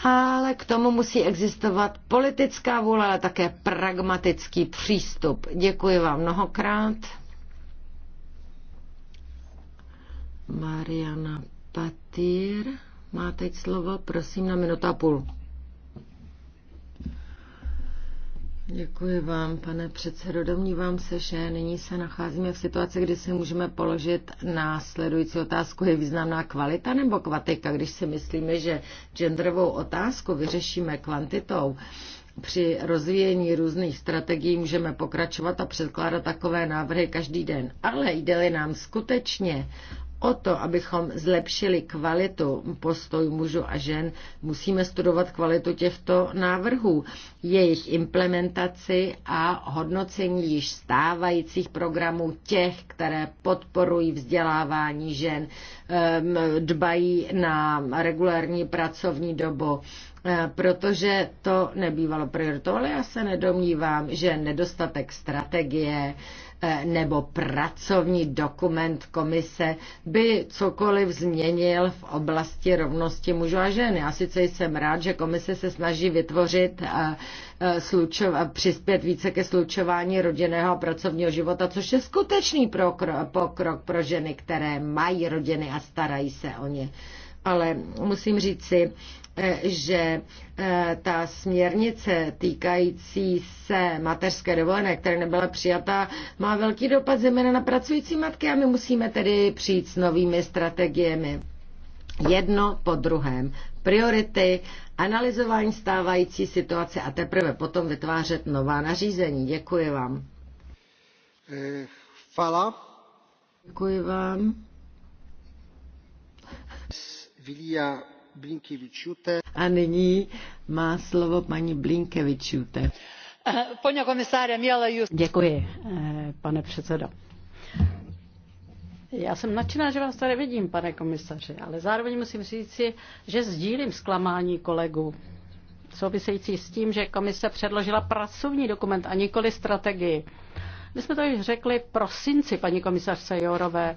Ale k tomu musí existovat politická vůle, ale také pragmatický přístup. Děkuji vám mnohokrát. Mariana Patýr má teď slovo, prosím, na minutu a půl. Děkuji vám, pane předsedo. Domnívám se, že nyní se nacházíme v situaci, kdy si můžeme položit následující otázku. Je významná kvalita nebo kvatika? Když si myslíme, že genderovou otázku vyřešíme kvantitou, při rozvíjení různých strategií můžeme pokračovat a předkládat takové návrhy každý den. Ale jde-li nám skutečně o to, abychom zlepšili kvalitu postojů mužů a žen, musíme studovat kvalitu těchto návrhů, jejich implementaci a hodnocení již stávajících programů těch, které podporují vzdělávání žen, dbají na regulární pracovní dobu, e, protože to nebývalo prioritou, ale já se nedomnívám, že nedostatek strategie, Eh, nebo pracovní dokument komise by cokoliv změnil v oblasti rovnosti mužů a žen. Já sice jsem rád, že komise se snaží vytvořit a eh, eh, slučov, a přispět více ke slučování rodinného a pracovního života, což je skutečný pokrok pro ženy, které mají rodiny a starají se o ně ale musím říci, eh, že eh, ta směrnice týkající se mateřské dovolené, která nebyla přijata, má velký dopad zejména na pracující matky a my musíme tedy přijít s novými strategiemi. Jedno po druhém. Priority, analyzování stávající situace a teprve potom vytvářet nová nařízení. Děkuji vám. Fala. Eh, Děkuji vám. Vilija Blinkevičiute. A nyní má slovo paní Blinkevičiute. Eh, paní komisáře, měla just... Děkuji, eh, pane předsedo. Já jsem nadšená, že vás tady vidím, pane komisaři, ale zároveň musím říci, že sdílím zklamání kolegů související s tím, že komise předložila pracovní dokument a nikoli strategii. My jsme to již řekli prosinci, paní komisařce Jourové,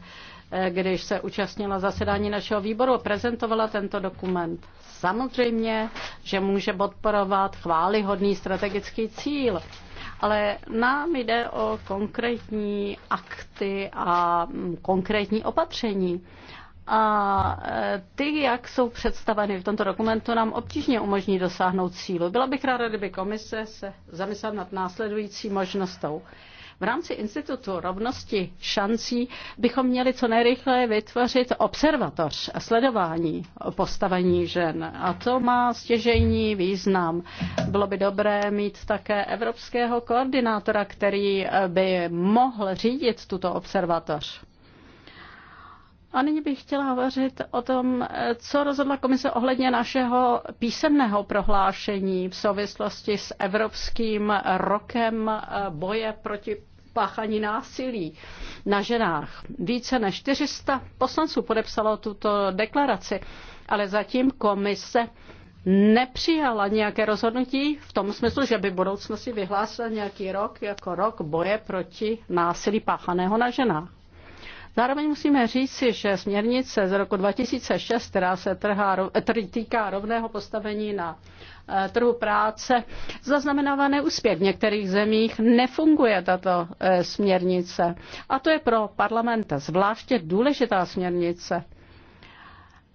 když se účastnila zasedání našeho výboru, prezentovala tento dokument. Samozřejmě, že může podporovat chválihodný strategický cíl, ale nám jde o konkrétní akty a konkrétní opatření. A e, ty, jak jsou představeny v tomto dokumentu, nám obtížně umožní dosáhnout cílu. Byla bych ráda, kdyby komise se zamyslela nad následující možnostou. V rámci institutu rovnosti šancí bychom měli co nejrychleji vytvořit observatoř a sledování postavení žen. A to má stěžejní význam. Bylo by dobré mít také evropského koordinátora, který eh, by mohl řídit tuto observatoř. A nyní bych chtěla hovořit o tom, eh, co rozhodla komise ohledně našeho písemného prohlášení v souvislosti s Evropským rokem eh, boje proti páchaní násilí na ženách. Více než 400 poslanců podepsalo tuto deklaraci, ale zatím komise nepřijala nějaké rozhodnutí v tom smyslu, že by v budoucnosti vyhlásila nějaký rok jako rok boje proti násilí páchaného na ženách. Zároveň musíme říci, že směrnice z roku 2006, která se trhá, týká rovného postavení na eh, trhu práce, zaznamenává neúspěch. V některých zemích nefunguje tato eh, směrnice. A to je pro parlament zvláště důležitá směrnice.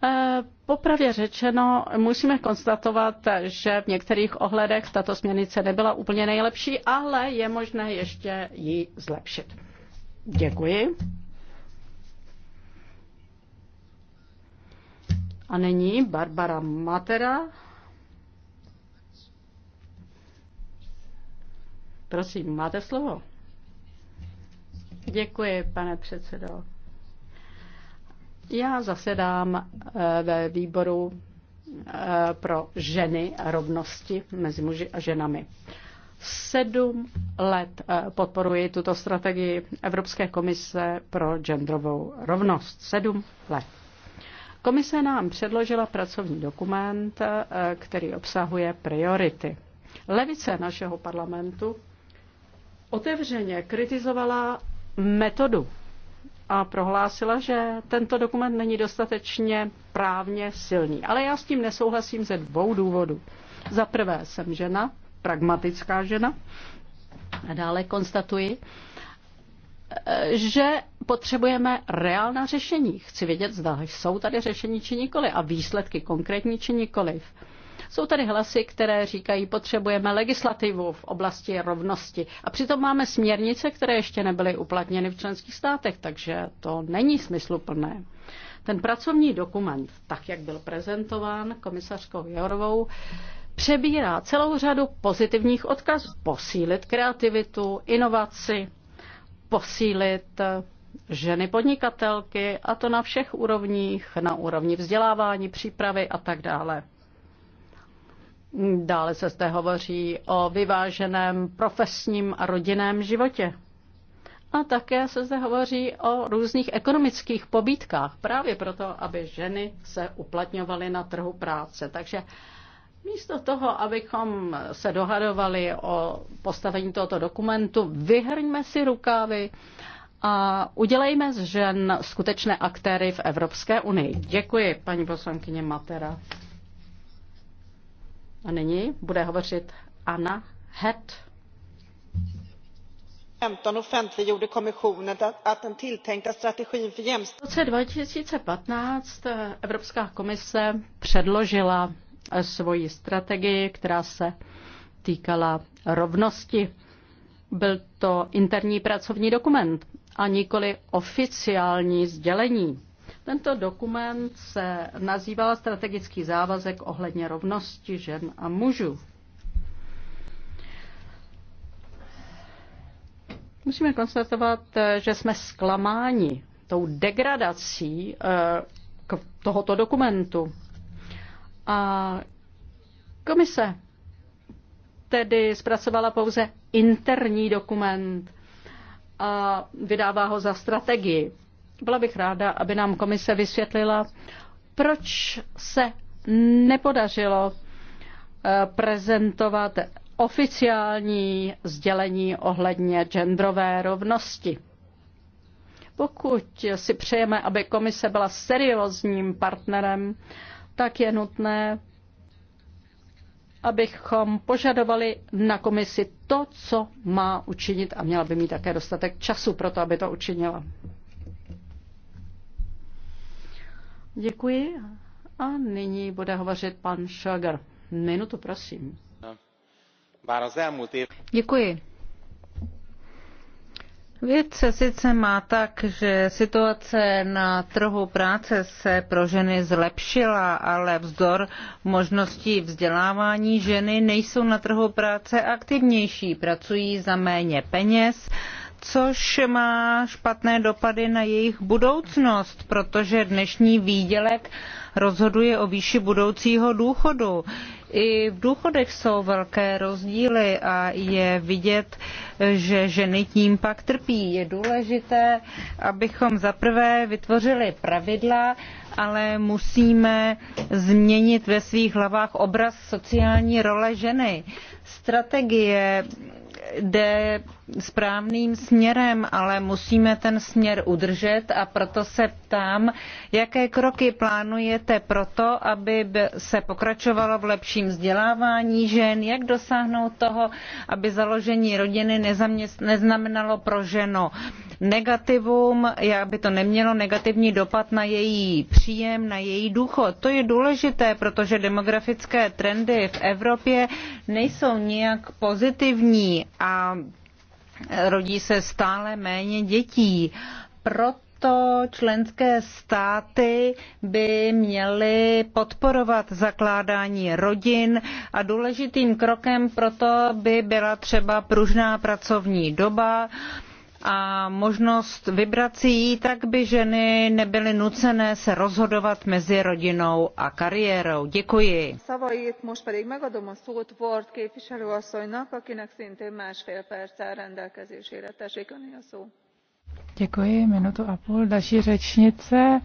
Eh, Popravě řečeno, musíme konstatovat, že v některých ohledech tato směrnice nebyla úplně nejlepší, ale je možné ještě ji zlepšit. Děkuji. A nyní Barbara Matera. Prosím, máte slovo. Děkuji, pane předsedo. Já zasedám eh, ve výboru eh, pro ženy a rovnosti mezi muži a ženami. Sedm let eh, podporuji tuto strategii Evropské komise pro genderovou rovnost. Sedm let. Komise nám předložila pracovní dokument, eh, který obsahuje priority. Levice našeho parlamentu otevřeně kritizovala metodu a prohlásila, že tento dokument není dostatečně právně silný. Ale já s tím nesouhlasím ze dvou důvodů. Za prvé jsem žena, pragmatická žena. A dále konstatuji, že potřebujeme reálná řešení. Chci vědět, zda jsou tady řešení či nikoli a výsledky konkrétní či nikoliv. Jsou tady hlasy, které říkají, potřebujeme legislativu v oblasti rovnosti. A přitom máme směrnice, které ještě nebyly uplatněny v členských státech, takže to není smysluplné. Ten pracovní dokument, tak jak byl prezentován komisařkou Jorovou, přebírá celou řadu pozitivních odkazů. Posílit kreativitu, inovaci, posílit ženy podnikatelky, a to na všech úrovních, na úrovni vzdělávání, přípravy a tak dále. Dále se zde hovoří o vyváženém profesním a rodinném životě. A také se zde hovoří o různých ekonomických pobídkách, právě proto, aby ženy se uplatňovaly na trhu práce. Takže Místo toho, abychom se dohadovali o postavení tohoto dokumentu, vyhrňme si rukávy a udělejme z žen skutečné aktéry v Evropské unii. Děkuji, paní poslankyně Matera. A nyní bude hovořit Anna Het. 2015 V roce 2015 Evropská komise předložila svoji strategii, která se týkala rovnosti. Byl to interní pracovní dokument a nikoli oficiální sdělení. Tento dokument se nazýval strategický závazek ohledně rovnosti žen a mužů. Musíme konstatovat, že jsme zklamáni tou degradací eh, tohoto dokumentu. A komise tedy zpracovala pouze interní dokument a vydává ho za strategii. Byla bych ráda, aby nám komise vysvětlila, proč se nepodařilo eh, prezentovat oficiální sdělení ohledně genderové rovnosti. Pokud si přejeme, aby komise byla seriózním partnerem, tak je nutné, abychom požadovali na komisi to, co má učinit a měla by mít také dostatek času pro to, aby to učinila. Děkuji. A nyní bude hovořit pan Šagar. Minutu, prosím. Děkuji. Věc se sice má tak, že situace na trhu práce se pro ženy zlepšila, ale vzdor možností vzdělávání ženy nejsou na trhu práce aktivnější, pracují za méně peněz, což má špatné dopady na jejich budoucnost, protože dnešní výdělek rozhoduje o výši budoucího důchodu. I v důchodech jsou velké rozdíly a je vidět, že ženy tím pak trpí. Je důležité, abychom zaprvé vytvořili pravidla, ale musíme změnit ve svých hlavách obraz sociální role ženy. Strategie jde správným směrem, ale musíme ten směr udržet a proto se ptám, jaké kroky plánujete pro to, aby se pokračovalo v lepším vzdělávání žen, jak dosáhnout toho, aby založení rodiny neznamenalo pro ženu negativum, aby to nemělo negativní dopad na její příjem, na její důchod. To je důležité, protože demografické trendy v Evropě nejsou nijak pozitivní a e, rodí se stále méně dětí. Proto členské státy by měly podporovat zakládání rodin a důležitým krokem proto by byla třeba pružná pracovní doba, a možnost vybrat si ji tak, by ženy nebyly nucené se rozhodovat mezi rodinou a kariérou. Děkuji. Děkuji, minutu a půl. Další řečnice.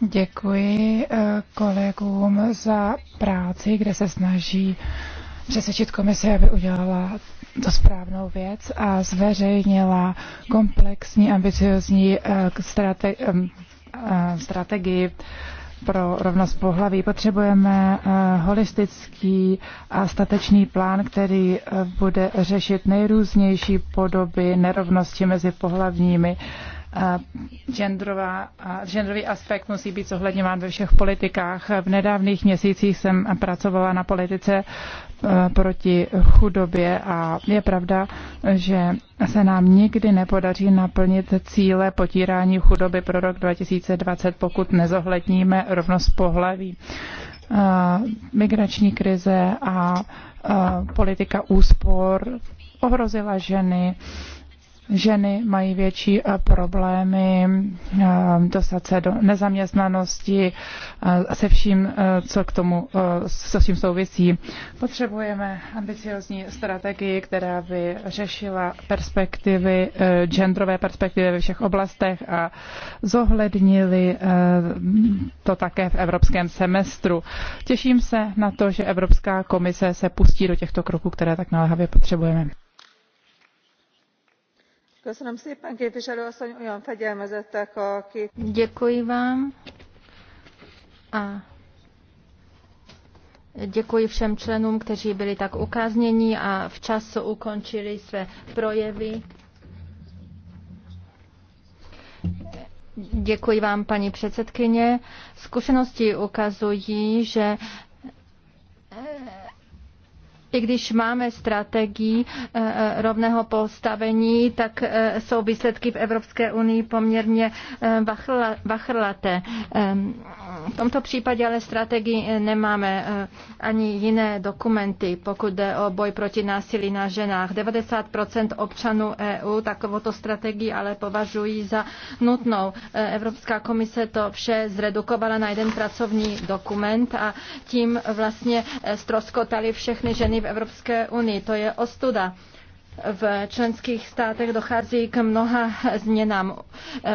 Děkuji eh, kolegům za práci, kde se snaží přesvědčit komisi, aby udělala to správnou věc a zveřejnila komplexní, ambiciozní eh, strate, eh, strategii pro rovnost pohlaví. Potřebujeme eh, holistický a statečný plán, který bude řešit nejrůznější podoby nerovnosti mezi pohlavními. Genderová, genderový aspekt musí být zohledňován ve všech politikách. V nedávných měsících jsem pracovala na politice Eh, proti chudobě a je pravda, že se nám nikdy nepodaří naplnit cíle potírání chudoby pro rok 2020, pokud nezohledníme rovnost pohlaví. Eh, migrační krize a eh, politika úspor ohrozila ženy, ženy mají větší eh, problémy eh, dostat se do nezaměstnanosti eh, se vším, co k tomu se vším souvisí. Potřebujeme ambiciozní strategii, která by řešila perspektivy, genderové perspektivy ve všech oblastech a zohlednili to také v evropském semestru. Těším se na to, že Evropská komise se pustí do těchto kroků, které tak naléhavě potřebujeme. Děkuji vám a děkuji všem členům, kteří byli tak ukáznění a včas ukončili své projevy. Děkuji vám, paní předsedkyně. Zkušenosti ukazují, že i když máme strategii eh, eh, rovného postavení, tak eh, jsou výsledky v Evropské unii poměrně vachrlaté. Ehm, v tomto případě ale strategii nemáme ani jiné dokumenty, pokud jde o boj proti násilí na ženách. 90 občanů EU takovouto strategii ale považují za nutnou. Evropská komise to vše zredukovala na jeden pracovní dokument a tím vlastně stroskotali všechny ženy v Evropské unii. To je ostuda v členských státech dochází k mnoha změnám.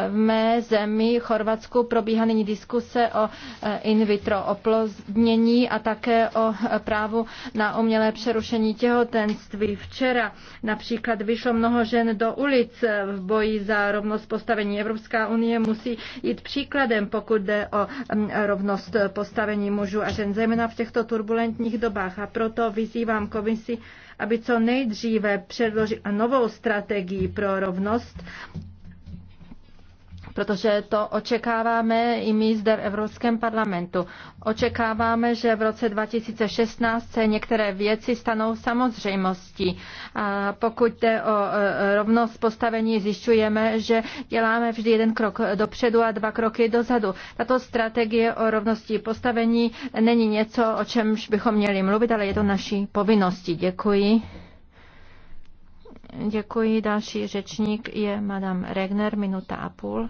V mé zemi, Chorvatsku, probíhá nyní diskuse o eh, in vitro oplodnění a také o eh, právu na umělé přerušení těhotenství. Včera například vyšlo mnoho žen do ulic eh, v boji za rovnost postavení. Evropská unie musí jít příkladem, pokud jde o mm, rovnost postavení mužů a žen, zejména v těchto turbulentních dobách. A proto vyzývám komisi, aby co nejdříve předložila novou strategii pro rovnost protože to očekáváme i my zde v Evropském parlamentu. Očekáváme, že v roce 2016 se některé věci stanou samozřejmostí. A pokud jde o e, rovnost postavení, zjišťujeme, že děláme vždy jeden krok dopředu a dva kroky dozadu. Tato strategie o rovnosti postavení není něco, o čemž bychom měli mluvit, ale je to naší povinností. Děkuji. Děkuji. Další řečník je Madame Regner, minuta a půl.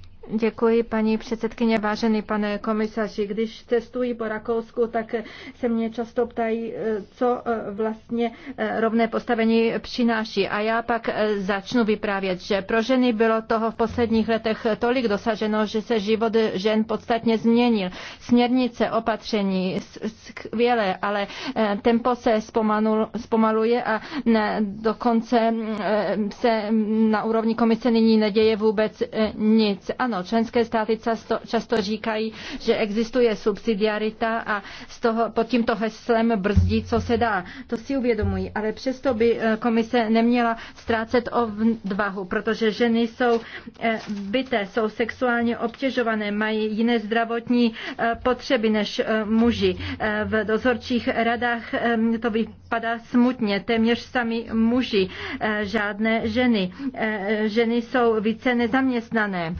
Děkuji, paní předsedkyně, vážený pane komisaři. Když cestuji po Rakousku, tak se mě často ptají, co eh, vlastně eh, rovné postavení přináší. A já pak eh, začnu vyprávět, že pro ženy bylo toho v posledních letech tolik dosaženo, že se život žen podstatně změnil. Směrnice, opatření, skvělé, ale tempo se zpomaluje a mm, dokonce mm, se mm, na úrovni komise nyní neděje vůbec nic. Ano, ano, členské státy často, často říkají, že existuje subsidiarita a z toho, pod tímto heslem brzdí, co se dá. To si uvědomují, ale přesto by eh, komise neměla ztrácet odvahu, protože ženy jsou eh, byté, jsou sexuálně obtěžované, mají jiné zdravotní eh, potřeby než muži. V dozorčích radách to vypadá smutně, téměř sami muži, žádné ženy. Ženy jsou více nezaměstnané.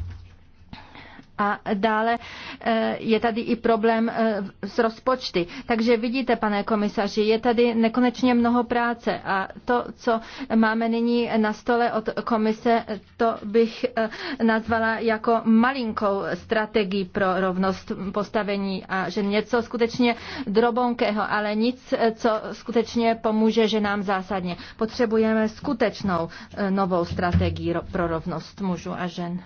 A dále eh, je tady i problém eh, s rozpočty. Takže vidíte, pane komisaři, je tady nekonečně mnoho práce a to, co máme nyní na stole od komise, to bych eh, nazvala jako malinkou strategii pro rovnost postavení a že něco skutečně drobonkého, ale nic, co skutečně pomůže že nám zásadně. Potřebujeme skutečnou novou strategii pro rovnost mužů a žen.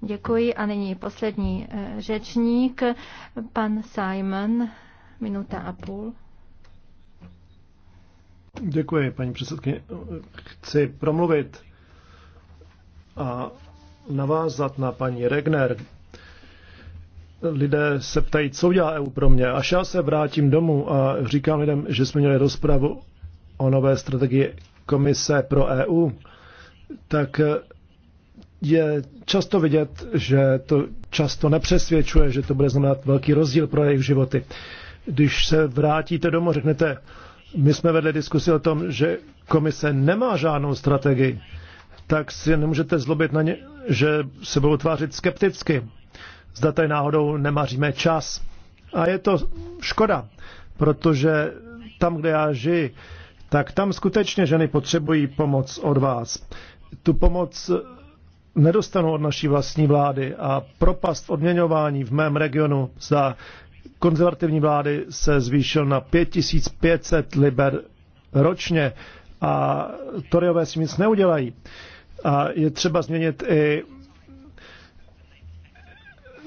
Děkuji a nyní poslední eh, řečník, pan Simon, minuta a půl. Děkuji, paní předsedkyně. Chci promluvit a navázat na paní Regner. Lidé se ptají, co udělá EU pro mě. Až já se vrátím domů a říkám lidem, že jsme měli rozpravu o nové strategii komise pro EU, tak je často vidět, že to často nepřesvědčuje, že to bude znamenat velký rozdíl pro jejich životy. Když se vrátíte domů, řeknete, my jsme vedli diskusi o tom, že komise nemá žádnou strategii, tak si nemůžete zlobit na ně, že se budou tvářit skepticky. Zda tady náhodou nemaříme čas. A je to škoda, protože tam, kde já žiji, tak tam skutečně ženy potřebují pomoc od vás. Tu pomoc nedostanou od naší vlastní vlády a propast v odměňování v mém regionu za konzervativní vlády se zvýšil na 5500 liber ročně a Toriové si nic neudělají. A je třeba změnit i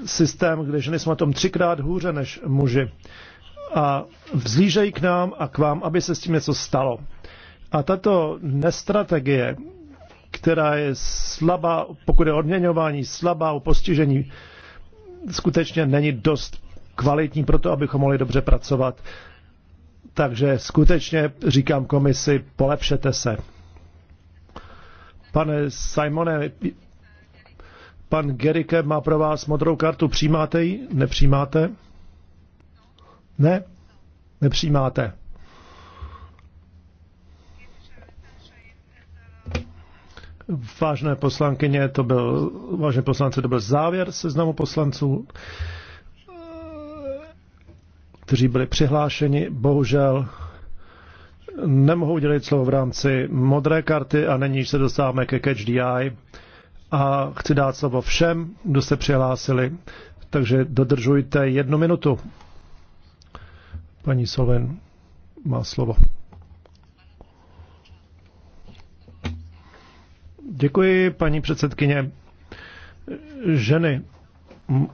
systém, kde ženy jsou na tom třikrát hůře než muži. A vzlížejí k nám a k vám, aby se s tím něco stalo. A tato nestrategie která je slabá, pokud je odměňování, slabá u postižení, skutečně není dost kvalitní pro to, abychom mohli dobře pracovat. Takže skutečně říkám komisi, polepšete se. Pane Simone, pan Gerike má pro vás modrou kartu. Přijímáte ji? Nepřijímáte? Ne? Nepřijímáte. Vážné poslankyně, to byl, vážné poslance, to byl závěr seznamu poslanců, kteří byli přihlášeni. Bohužel nemohu udělit slovo v rámci modré karty a není, se dostáváme ke Catch the Eye. A chci dát slovo všem, kdo se přihlásili, takže dodržujte jednu minutu. Paní Solen má slovo. Děkuji, paní předsedkyně. Ženy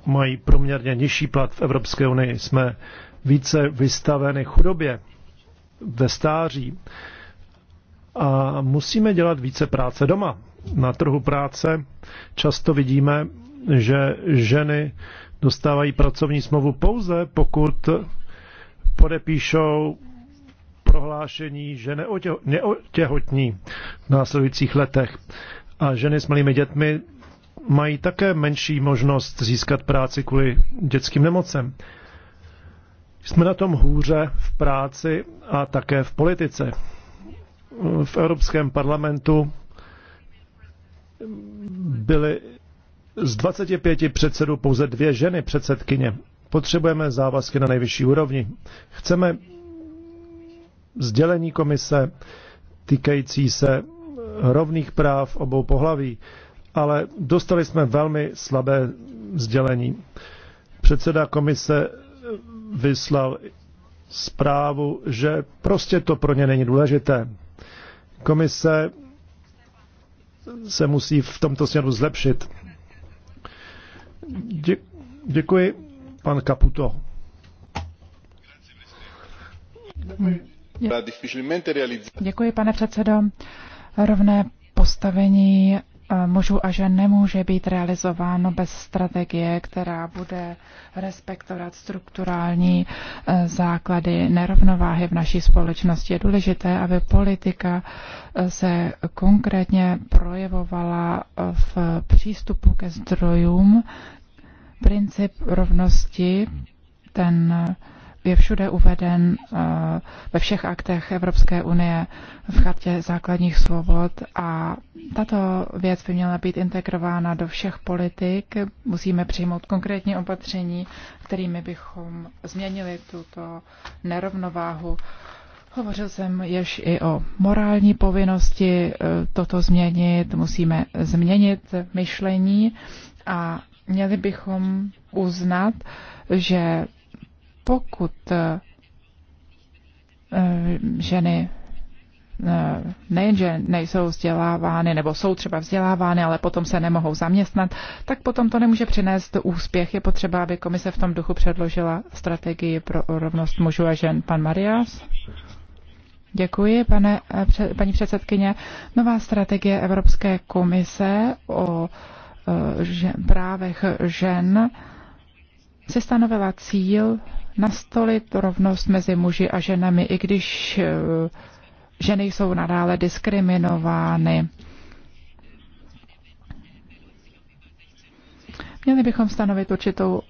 mají proměrně nižší plat v Evropské unii. Jsme více vystaveny chudobě ve stáří a musíme dělat více práce doma. Na trhu práce často vidíme, že ženy dostávají pracovní smlouvu pouze, pokud podepíšou prohlášení, že neotěhotní v následujících letech. A ženy s malými dětmi mají také menší možnost získat práci kvůli dětským nemocem. Jsme na tom hůře v práci a také v politice. V Evropském parlamentu byly z 25 předsedů pouze dvě ženy předsedkyně. Potřebujeme závazky na nejvyšší úrovni. Chceme sdělení komise týkající se rovných práv obou pohlaví, ale dostali jsme velmi slabé sdělení. Předseda komise vyslal zprávu, že prostě to pro ně není důležité. Komise se musí v tomto směru zlepšit. Dě- děkuji, pan Caputo. Děkuji, pane předsedo. Rovné postavení eh, mužů a žen nemůže být realizováno bez strategie, která bude respektovat strukturální eh, základy nerovnováhy v naší společnosti. Je důležité, aby politika eh, se konkrétně projevovala v přístupu ke zdrojům. Princip rovnosti, ten je všude uveden eh, ve všech aktech Evropské unie v chartě základních svobod a tato věc by měla být integrována do všech politik. Musíme přijmout konkrétní opatření, kterými bychom změnili tuto nerovnováhu. Hovořil jsem jež i o morální povinnosti eh, toto změnit. Musíme změnit myšlení a měli bychom uznat, že pokud eh, eh, ženy eh, nejenže nejsou vzdělávány nebo jsou třeba vzdělávány, ale potom se nemohou zaměstnat, tak potom to nemůže přinést úspěch. Je potřeba, aby komise v tom duchu předložila strategii pro rovnost mužů a žen. Pan Marias? Děkuji, pane, paní předsedkyně. Nová strategie Evropské komise o že, právech žen se stanovila cíl nastolit rovnost mezi muži a ženami, i když eh, ženy jsou nadále diskriminovány. Měli bychom stanovit určitou,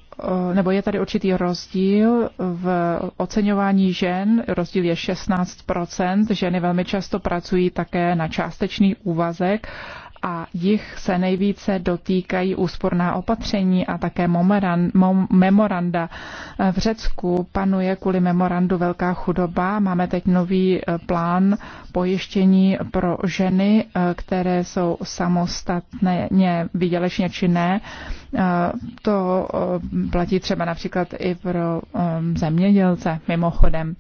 eh, nebo je tady určitý rozdíl v oceňování žen, rozdíl je 16%, ženy velmi často pracují také na částečný úvazek a jich se nejvíce dotýkají úsporná opatření a také memoranda. Eh, v Řecku panuje kvůli memorandu velká chudoba. Máme teď nový eh, plán pojištění pro ženy, eh, které jsou samostatně výdělečně činné. To platí třeba například i pro zemědělce, mimochodem.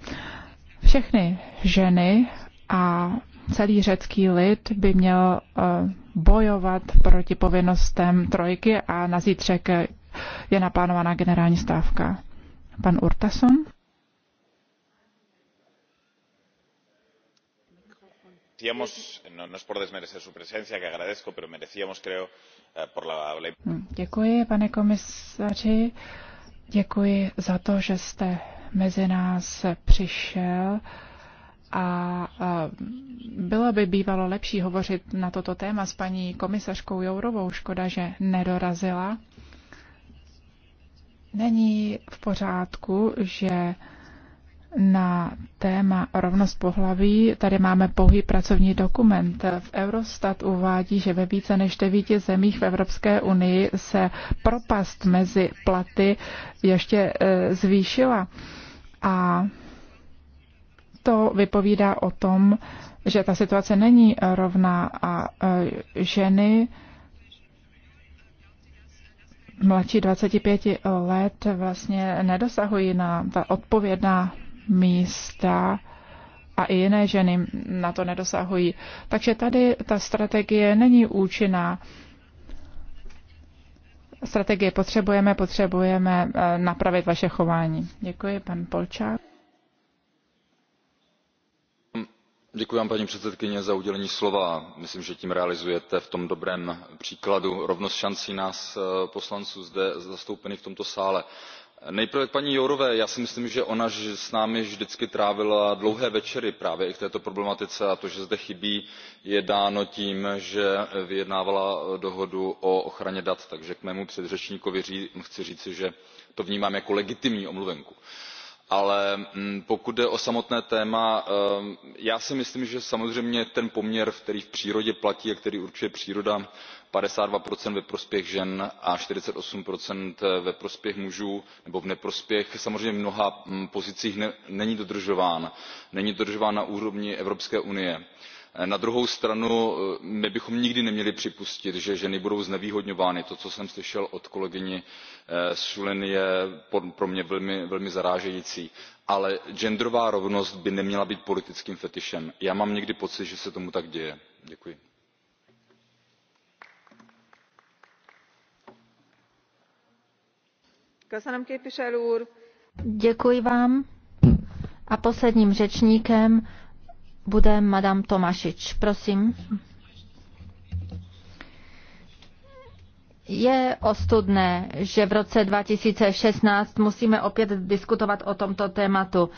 Všechny ženy a celý řecký lid by měl bojovat proti povinnostem trojky a na zítřek je naplánovaná generální stávka. Pan Urtason? No, no eh, hmm, děkuji, pane komisaři. Děkuji za to, že jste mezi nás přišel a e, bylo by bývalo lepší hovořit na toto téma s paní komisařkou Jourovou. Škoda, že nedorazila. Není v pořádku, že na téma rovnost pohlaví tady máme pouhý pracovní dokument. V Eurostat uvádí, že ve více než devíti zemích v Evropské unii se propast mezi platy ještě e, zvýšila. A to vypovídá o tom, že ta situace není rovná a e, ženy mladší 25 let vlastně nedosahují na ta odpovědná místa a i jiné ženy na to nedosahují. Takže tady ta strategie není účinná. Strategie potřebujeme, potřebujeme e, napravit vaše chování. Děkuji, pan Polčák. paní předsedající myslím že tím realizujete v tom dobrém příkladu rovnost šancí nás eh, poslanců zde zastoupených v tomto sále. nejprve k paní jourové já si myslím že ona s námi vždycky trávila dlouhé večery právě i k této problematice a to že zde chybí je dáno tím že vyjednávala eh, dohodu o ochraně dat takže k mému předřečníkovi chci říci že to vnímám jako legitimní omluvenku ale mm, pokud jde o samotné téma ehm, já si myslím že samozřejmě ten poměr který v přírodě platí a který určuje příroda fifty two ve prospěch žen a forty eight ve prospěch mužů nebo v neprospěch samozřejmě v mnoha mm, pozicích není dodržován není dodržován na úrovni evropské unie. Eh, na druhou stranu eh, my bychom nikdy neměli připustit že ženy budou znevýhodňovány to co jsem slyšel od kolegyně šulin eh, je pro mě velmi zarážející ale genderová rovnost by neměla být politickým fetišem. já mám někdy pocit že se tomu tak děje. děkuji. Děkuji vám. A posledním řečníkem bude Madame Tomašič. Prosím. Je ostudné, že v roce 2016 musíme opět diskutovat o tomto tématu. Uh,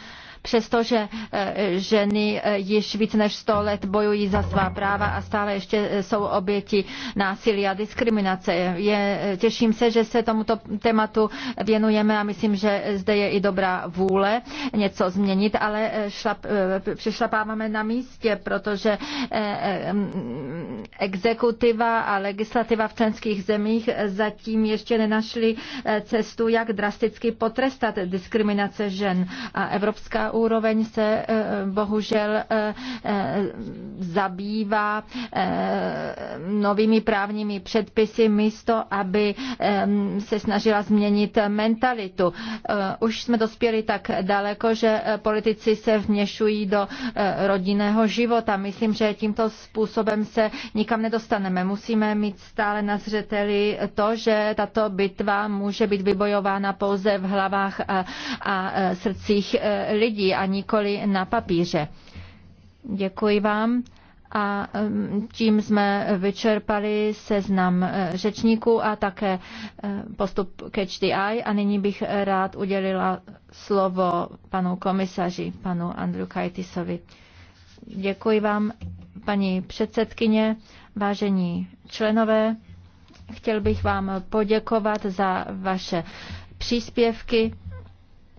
Přestože eh, ženy eh, již více než 100 let bojují za svá práva a stále ještě eh, jsou oběti násilí a diskriminace. Je, těším se, že se tomuto tématu věnujeme a myslím, že zde je i dobrá vůle něco změnit, ale šlap, přišlapáváme na místě, protože exekutiva a legislativa v členských zemích zatím ještě nenašly cestu, jak drasticky potrestat diskriminace žen. A Evropská úroveň se eh, bohužel eh, eh, zabývá novými právními předpisy místo, aby se snažila změnit mentalitu. Už jsme dospěli tak daleko, že politici se vměšují do rodinného života. Myslím, že tímto způsobem se nikam nedostaneme. Musíme mít stále na zřeteli to, že tato bitva může být vybojována pouze v hlavách a, a srdcích lidí lidí a nikoli na papíře. Děkuji vám. A um, tím jsme vyčerpali seznam uh, řečníků a také uh, postup Catch the Eye. A nyní bych rád udělila slovo panu komisaři, panu Andru Kajtisovi. Děkuji vám, paní předsedkyně, vážení členové. Chtěl bych vám poděkovat za vaše příspěvky.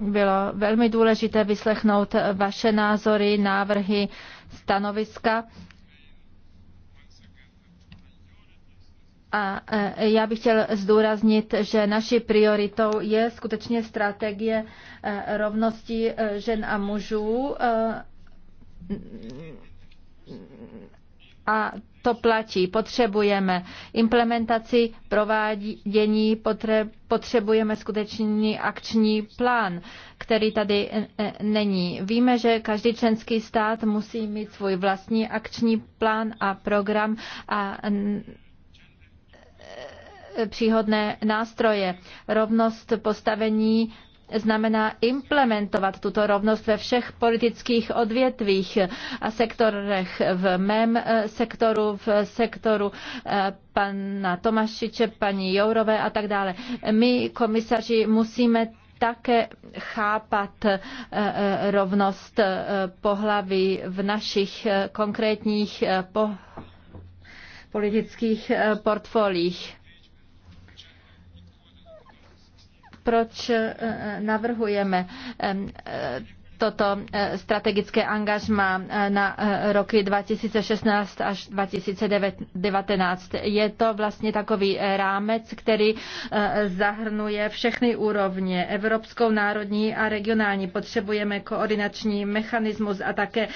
Bylo velmi důležité vyslechnout vaše názory, návrhy, stanoviska. A e, já bych chtěl zdůraznit, že naší prioritou je skutečně strategie e, rovnosti e, žen a mužů. A to platí. Potřebujeme implementaci, provádění, potřebujeme skutečný akční plán, který tady e, e, není. Víme, že každý členský stát musí mít svůj vlastní akční plán a program a e, příhodné nástroje. Rovnost postavení znamená implementovat tuto rovnost ve všech politických odvětvích a sektorech. V mém eh, sektoru, v sektoru eh, pana Tomašiče, paní Jourové a tak dále. My, komisaři, musíme také chápat eh, rovnost pohlaví v našich konkrétních politických portfoliích. proč eh, navrhujeme eh, toto eh, strategické angažma na roky 2016 až 2019. Je to vlastně takový rámec, který zahrnuje všechny úrovně, evropskou, národní a regionální. Potřebujeme koordinační mechanismus a také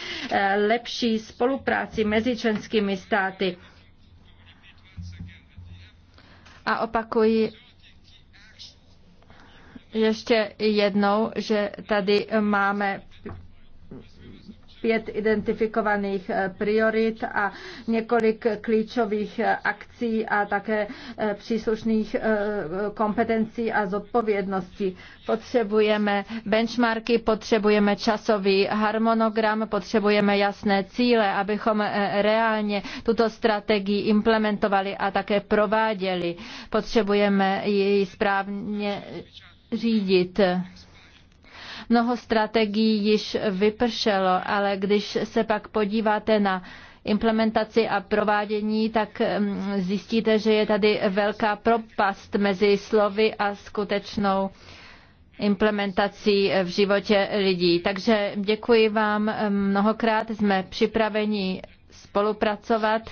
lepší spolupráci mezi členskými státy. A opakuji, ještě jednou, že tady máme pět identifikovaných eh, priorit a několik klíčových eh, akcí a také eh, příslušných kompetencí a zodpovědností. Potřebujeme benchmarky, potřebujeme časový harmonogram, potřebujeme jasné cíle, abychom reálně tuto strategii implementovali a také prováděli. Potřebujeme ji správně řídit. Mnoho strategií již vypršelo, ale když se pak podíváte na implementaci a provádění, tak mm, zjistíte, že je tady velká propast mezi slovy a skutečnou implementací v životě lidí. Takže děkuji vám mm, mnohokrát, jsme připraveni spolupracovat,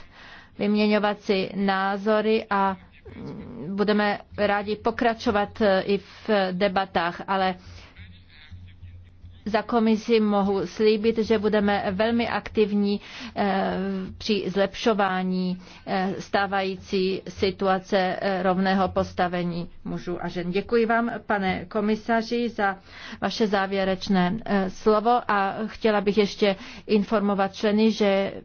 vyměňovat si názory a budeme rádi pokračovat eh, i v debatách, ale za komisi mohu slíbit, že budeme velmi aktivní eh, při zlepšování eh, stávající situace rovného postavení mužů a žen. Děkuji vám, pane komisaři, za vaše závěrečné slovo a chtěla bych ještě informovat členy, že